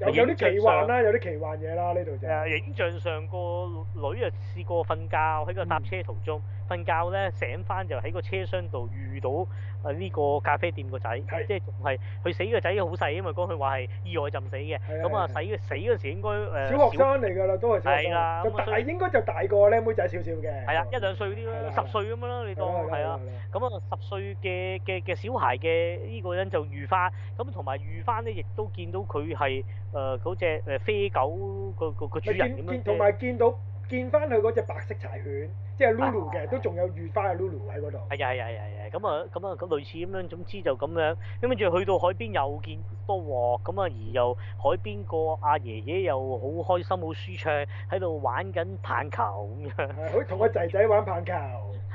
呃、有啲奇幻啦，有啲奇幻嘢啦呢度就。誒、呃，影像上個女啊試過瞓覺喺個搭車途中。嗯瞓覺咧醒翻就喺個車廂度遇到啊呢個咖啡店個仔，即係仲係佢死個仔好細，因為講佢話係意外浸死嘅，咁啊死死嗰時應該誒小學生嚟㗎啦，都係係啦，個大應該就大個僆妹仔少少嘅，係啊，一兩歲啲囉，十歲咁樣囉，你當係啊，咁啊十歲嘅嘅嘅小孩嘅呢個人就遇翻，咁同埋遇翻咧，亦都見到佢係誒嗰隻誒飛狗個個主人咁樣同埋見到。見翻佢嗰隻白色柴犬，即係 Lulu 嘅，啊、都仲有月花嘅 Lulu 喺嗰度。係呀，係呀，係呀。咁啊咁啊咁類似咁樣，總之就咁樣。跟住去到海邊又見多鑊，咁啊而又海邊個阿爺爺又好開心好舒暢，喺度玩緊棒球咁樣。係， 同個仔仔玩棒球。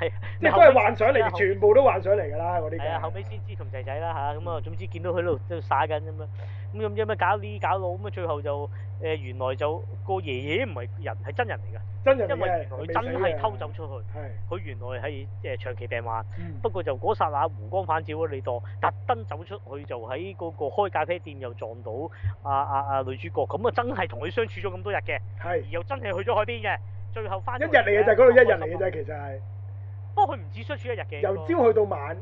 即係都係幻想嚟，面全部都幻想嚟㗎啦！嗰啲係啊，後尾先知同仔仔啦嚇，咁啊、嗯，總之見到佢喺度都度耍緊咁樣，咁咁即咩搞呢搞到咁啊？最後就誒原來就個爺爺唔係人，係真人嚟嘅，真人因為佢真係偷走出去，佢原來係誒長期病患，嗯、不過就嗰剎那迴光返照啊！你度，特登走出去就喺嗰個開咖啡店又撞到阿阿阿女主角，咁啊，啊，啊就真係同佢相處咗咁多日嘅，係是，而又真係去咗海邊嘅，最後翻一日嚟嘅，就係嗰度一日嚟嘅。就其實係。不過佢唔止相處一日嘅，由朝去到晚，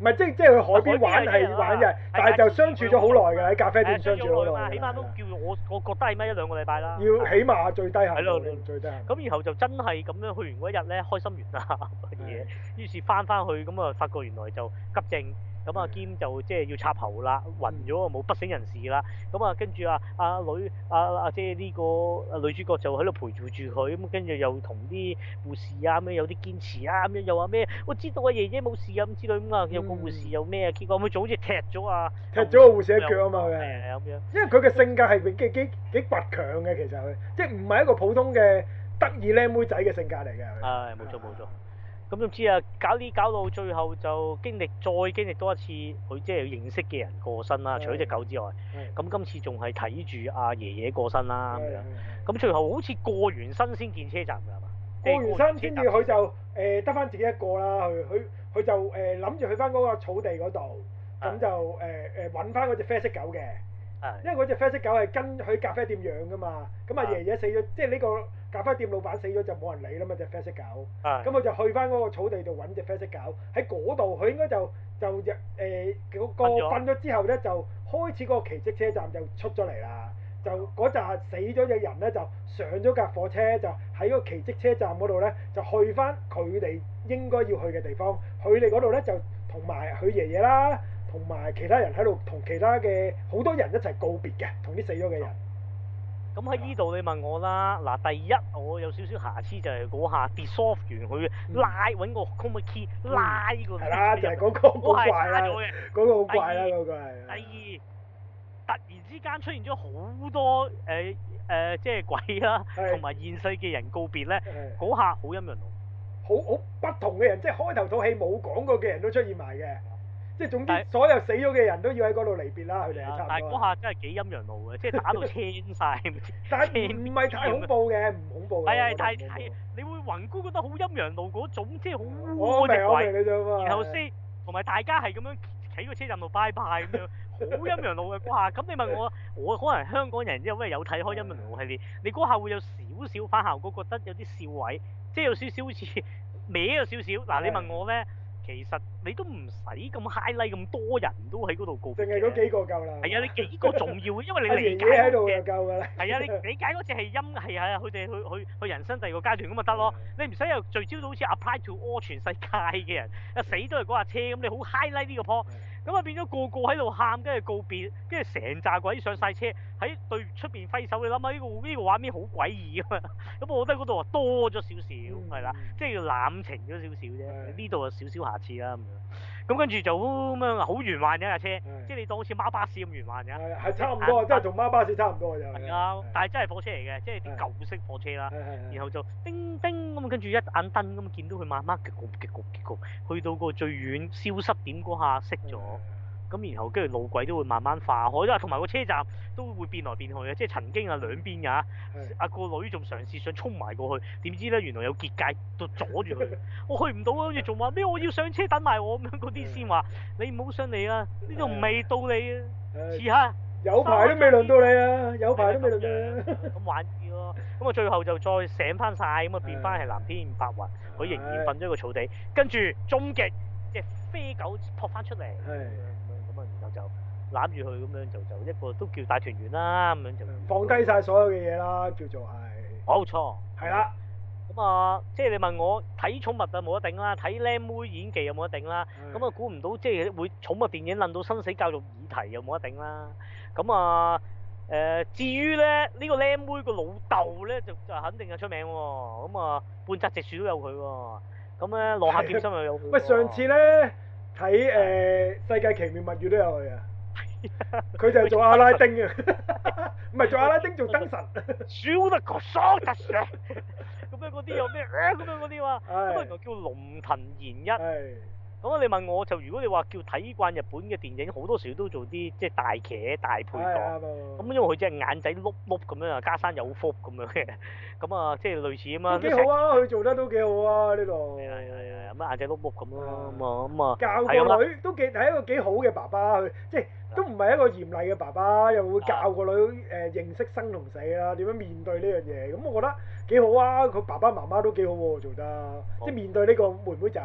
唔係即即係去海邊玩係玩一日，但係就相處咗好耐嘅，喺咖啡店相處咗好耐。起碼都叫我，我覺得係咩一兩個禮拜啦。要起碼最低係，係最低。咁然後就真係咁樣去完嗰一日咧，開心完啦乜嘢，於是翻返去咁啊，發覺原來就急症。咁、嗯、啊兼就即係要插喉啦，暈咗、嗯、啊冇不省人事啦。咁啊跟住啊啊女啊啊姐呢個女主角就喺度陪住住佢，咁跟住又同啲護士啊咩、嗯、有啲堅持啊咁樣又話咩？我、哦、知道啊爺爺冇事啊咁之類咁啊，有個護士有咩？結果佢就好似踢咗啊踢咗個護士一腳啊嘛，咁、嗯嗯嗯嗯、因為佢嘅性格係幾幾幾倔強嘅其實，即係唔係一個普通嘅得意靚妹仔嘅性格嚟嘅。係冇錯冇錯。啊咁點知啊，搞啲搞到最後就經歷再經歷多一次，佢即係認識嘅人過身啦。除咗隻狗之外，咁、嗯、今次仲係睇住阿爺爺過身啦咁樣。咁、嗯、最後好似過完身先見車站嘅係嘛？過完身跟住佢就誒得翻自己一個啦。佢佢佢就誒諗住去翻嗰個草地嗰度，咁、嗯、就誒誒揾翻嗰隻啡色狗嘅。嗯、因為嗰隻啡色狗係跟佢咖啡店養㗎嘛。咁阿爺，爺爺死咗，即係呢、這個。咖啡店老闆死咗就冇人理啦嘛，隻啡色狗。咁佢、嗯嗯、就去翻嗰個草地度揾隻啡色狗，喺嗰度佢應該就就日誒個瞓咗之後呢，就開始嗰個奇蹟車站就出咗嚟啦。就嗰紮死咗嘅人呢，就上咗架火車，就喺個奇蹟車站嗰度呢，就去翻佢哋應該要去嘅地方。佢哋嗰度呢，就同埋佢爺爺啦，同埋其他人喺度同其他嘅好多人一齊告別嘅，同啲死咗嘅人。嗯咁喺呢度你問我啦，嗱，第一我有少少瑕疵就係嗰下 dissolve 完佢拉揾個 command key 拉個係啦，嗯、去去就係嗰、嗰個好怪啦，嗰個好怪啦，嗰個第二，個第二突然之間出現咗好多誒誒即係鬼啦、啊，同埋的現世嘅人告別咧，嗰的下陰陽好陰人好好不同嘅人，即係開頭套戲冇講過嘅人都出現埋嘅。即係總之，所有死咗嘅人都要喺嗰度離別啦，佢哋差唔多。但係嗰下真係幾陰陽路嘅，即係打到天曬咁。但係唔係太恐怖嘅，唔恐怖嘅。係啊，但係你會雲觀覺得好陰陽路嗰種，即係好污鬼。我係明然後先，同埋大家係咁樣企個車站度拜拜咁樣，好陰陽路嘅嗰下。咁你問我，我可能香港人之因為有睇開陰陽路系列，你嗰下會有少少反效果，覺得有啲笑位，即係有少少好似歪咗少少。嗱，你問我咧？其實你都唔使咁 highlight 咁多人都喺嗰度高，淨係嗰幾個夠啦。係啊，你幾個重要嘅，因為你理解喺度嘅夠㗎啦。係啊，你理解嗰只係音係啊，佢哋去去去,去人生第二個階段咁咪得咯。的你唔使又聚焦到好似 apply to all 全世界嘅人，死都係嗰架車咁。你好 highlight 呢個 point。咁啊變咗個個喺度喊，跟住告別，跟住成紮鬼上晒車，喺對出邊揮手。你諗下呢個呢、呢個畫面好詭異啊嘛！咁 我覺得嗰度啊多咗少、嗯就是、少，係啦的，即係要濫情咗少少啫。呢度有少少瑕疵啦咁樣。咁跟住就好咁樣好玄幻嘅一架車，即係你當好似貓巴士咁玄幻嘅，係差唔多，真係同貓巴士差唔多嘅就係。但係真係火車嚟嘅，即係啲舊式火車啦。然後就叮叮咁，跟住一盞燈咁，見到佢慢慢嘅嘅嘅嘅，去到個最遠消失點嗰下熄咗。咁然後跟住路軌都會慢慢化開，即同埋個車站都會變來變去啊！即係曾經啊兩邊嘅阿個女仲嘗試想衝埋過去，點知咧原來有結界都阻住佢，我去唔到啊！跟住仲話咩我要上車等埋我咁樣嗰啲先話，你唔好上嚟啊！呢度未到你啊，遲下有排都未輪到你啊！有排都未輪到你，咁玩啲咯。咁啊最後就再醒翻晒，咁啊變翻係藍天白雲，佢仍然瞓咗個草地，跟住終極隻飛狗撲翻出嚟。就攬住佢咁樣就就一個都叫大團圓啦，咁樣就放低晒所有嘅嘢啦，叫做係冇錯，係啦了。咁啊、嗯嗯，即係你問我睇寵物啊冇得頂啦，睇靚妹演技有冇得頂啦。咁啊估唔到即係會寵物電影論到生死教育議題有冇得頂啦。咁啊誒，至於咧呢、呢個靚妹個老豆咧就就肯定係出名喎。咁、嗯、啊、嗯、半澤直樹都有佢喎。咁、嗯、咧、嗯、浪客劍心又有了。喂，上次咧。睇誒、呃《世界奇妙物語》都有佢啊！佢就係做阿拉丁啊，唔係 做阿拉丁做燈神，少得超級爽嘅！咁 樣嗰啲有咩？咁 s up 樣嗰啲話，咁啊原來叫瀧藤賢一。 s up s up 咁啊！你問我就，如果你話叫睇慣日本嘅電影，好多時都做啲即係大茄大配角。咁因為佢真係眼仔碌碌咁樣啊，家山有福咁樣嘅。咁啊，即係類似啊嘛。幾好啊，佢做得都幾好啊，呢度。係啊係啊，咁眼仔碌碌咁咯。啊嘛。教個女都幾係一個幾好嘅爸爸，佢即係都唔係一個嚴厲嘅爸爸，又會教個女誒認識生同死啊，點樣面對呢樣嘢。咁我覺得幾好啊，佢爸爸媽媽都幾好做得，即係面對呢個妹妹仔。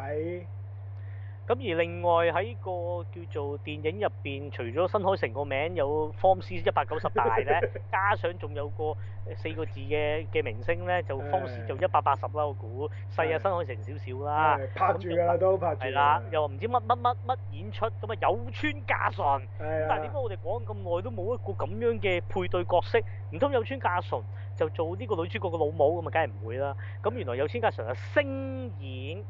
咁而另外喺個叫做電影入邊，除咗新海誠個名有方斯一百九十大咧，加上仲有個四個字嘅嘅明星咧，就方斯就一百八十啦，我估細啊新海誠少少啦，拍住啦都拍住啦，又唔知乜乜乜乜演出，咁啊有村架純，咁但係點解我哋講咁耐都冇一個咁樣嘅配對角色，唔通有村架純？就做呢個女主角嘅老母咁啊，梗係唔會啦。咁原來有川家純嘅聲演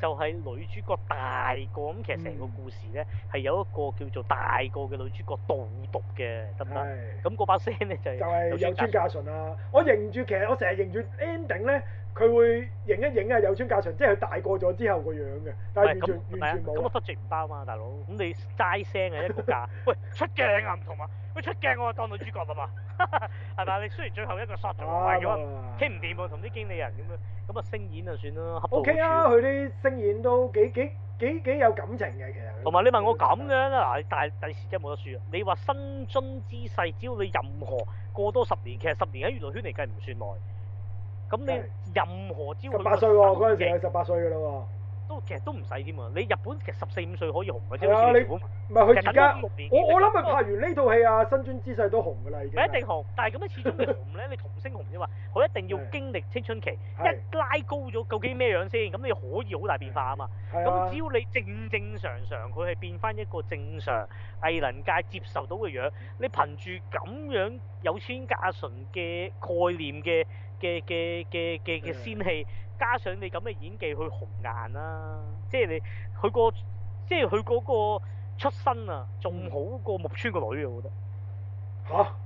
就係女主角大個。咁的其實成個故事咧，係、嗯、有一個叫做大個嘅女主角導讀嘅，得唔得？咁嗰把聲咧就係、是、有川家純啊。純我認住，其實我成日認住 ending 咧。佢會影一影啊，有穿嫁裙，即係佢大個咗之後個樣嘅。但係，咁啊、嗯，咁我得絕唔包嘛，大佬。咁你齋聲啊，一個架。 喂，出鏡啊，唔同啊。喂，出鏡我就當到主角啦嘛，係咪你雖然最後一個 shot 咗，但係咁傾唔掂喎，同啲好、啊、經理人咁樣。咁啊，聲演就算啦，O K 啊，佢啲聲演都幾幾幾幾有感情嘅，其實。同埋你問我咁嘅啦，嗱、啊，你大第時真係冇得輸啊！你話新晉之勢，只要你任何過多十年，其實十年喺娛樂圈嚟計唔算耐。咁你任何招十八歲喎，嗰陣時係十八歲㗎啦喎，都其實都唔使添喎。你日本其實十四五歲可以紅嘅，好似日本唔係佢而家我我諗咪拍完呢套戲啊，新專姿勢都紅㗎啦已經。唔一定紅，但係咁樣始終你紅咧，你童星紅啫嘛。佢一定要經歷青春期，一拉高咗，究竟咩樣先？咁你可以好大變化啊嘛。咁只要你正正常常，佢係變翻一個正常藝能界接受到嘅樣，你憑住咁樣有穿假純嘅概念嘅。嘅嘅嘅嘅嘅仙氣，嗯、加上你咁嘅演技去紅顏啦、啊，即係你佢、嗰個即係佢嗰個出身啊，仲好過木村個女我覺得。嚇、啊？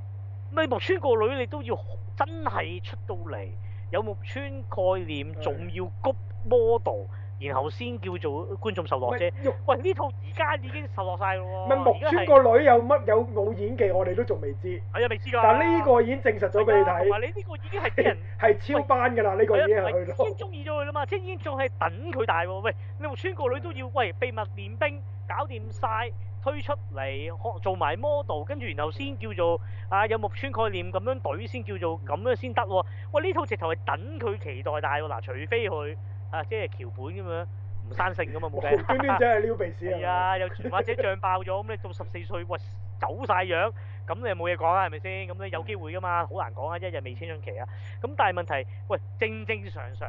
你、嗯、木村個女你都要真係出到嚟有木村概念，仲要谷 model、嗯。然後先叫做觀眾受落啫。喂，呢套而家已經受落晒咯喎。咪木村個女有乜有冇演技，我哋都仲未知。係啊，未知㗎。但係呢個已經證實咗俾你睇。唔係，你呢個已經係俾人係超班㗎啦。呢喂個已經係已經中意咗佢啦嘛，即係已經仲係等佢大喎。喂，你木村個女都要喂秘密練兵搞掂晒，推出嚟學做埋 model，跟住然後先叫做、嗯、啊有木村概念咁樣隊先叫做咁樣先得喎。喂，呢套直頭係等佢期待大喎。嗱、呃，除非佢。啊，即係橋本咁樣，唔生性噶嘛，冇病。邊啲仔係撩鼻屎、啊？係 啊，又或者脹爆咗咁 你到十四歲喂走晒樣，咁你冇嘢講啊，係咪先？咁你有機會噶嘛，好、嗯、難講啊，一日未青春期啊。咁但係問題，喂正正常常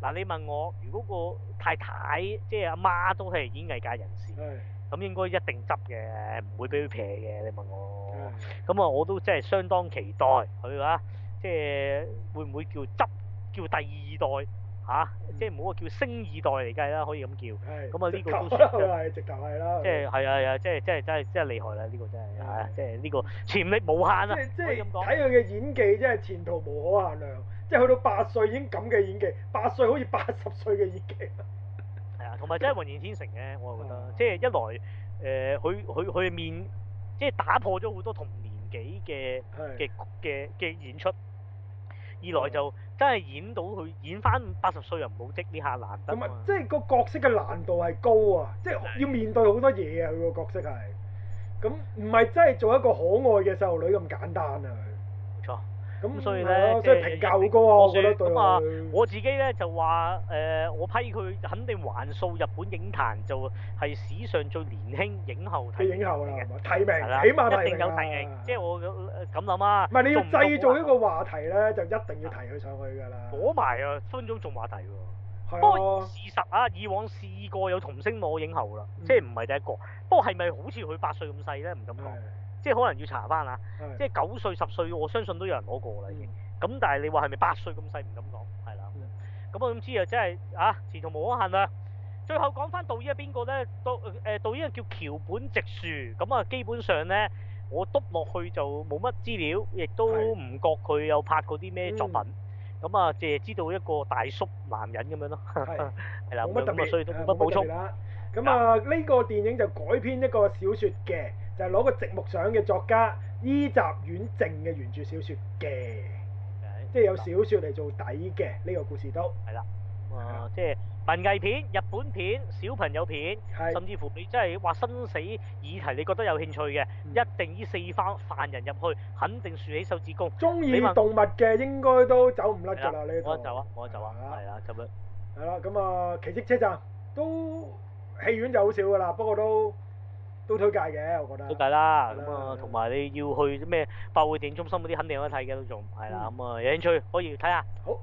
嗱、啊，你問我如果個太太即係阿媽都係演藝界人士，咁是應該一定執嘅，唔會俾佢撇嘅。你問我，咁啊、嗯、我都真係相當期待佢話，即係、就是、會唔會叫執叫第二代？嚇，即係冇個叫星二代嚟計啦，可以咁叫。係。咁啊呢個都算。係直頭係啦。即係係啊係啊，即係即係真係真係厲害啦！呢個真係。係啊，即係呢個潛力無限啦。即係咁講睇佢嘅演技，真係前途無可限量。即係去到八歲已經咁嘅演技，八歲好似八十歲嘅演技。係啊，同埋真係渾然天成嘅，我又覺得。即係一來，誒，佢佢佢面，即係打破咗好多同年紀嘅嘅嘅嘅演出。二來就真係演到，佢演翻八十歲又唔好積呢下難得，唔係、嗯、即係個角色嘅難度係高啊！即係要面對好多嘢啊！佢個角色係咁，唔係真係做一個可愛嘅細路女咁簡單啊！咁所以咧，即係評價好高啊！我覺得對佢。咁啊，我自己咧就話，誒，我批佢肯定橫掃日本影壇就係史上最年輕影后。睇影后嚟嘅，提名，起碼提名啦。一定有提名啦。即係我咁諗啊。唔係你要製造一個話題咧，就一定要提佢上去㗎啦。攞埋啊，分分鐘仲話題喎。不過事實啊，以往試過有童星攞影后啦，即係唔係第一個。不過係咪好似佢八歲咁細咧？唔敢講。即係可能要查翻啊！的即係九歲、十歲，我相信都有人攞過啦已經。咁、嗯、但係你話係咪八歲咁細唔敢講。係啦。咁我點知啊？真係啊！前途無可限量啊！最後講翻導演係邊個咧？導誒、呃、導演叫橋本直樹。咁啊，基本上咧，我篤落去就冇乜資料，亦都唔覺佢有拍過啲咩作品。咁啊，淨、嗯、係知道一個大叔男人咁樣咯。係啦的，咁啊 的，所以冇乜補充。咁啊！呢個電影就改編一個小説嘅，就係攞個直木賞嘅作家伊集院靜嘅原著小説嘅，即係有小説嚟做底嘅呢個故事都係啦。啊，即係文藝片、日本片、小朋友片，甚至乎你真係話生死議題，你覺得有興趣嘅，一定依四方犯人入去，肯定豎起手指公。中意動物嘅應該都走唔甩㗎啦！你冇得走啊，冇得走啊！係啊，咁樣係啦。咁啊，奇蹟車站都。戲院就好少㗎啦，不過都都推介嘅，我覺得。推介啦，咁啊，同埋你要去啲咩百匯電影中心嗰啲，肯定有得睇嘅都仲係啦，咁啊、嗯、有興趣可以睇下。好。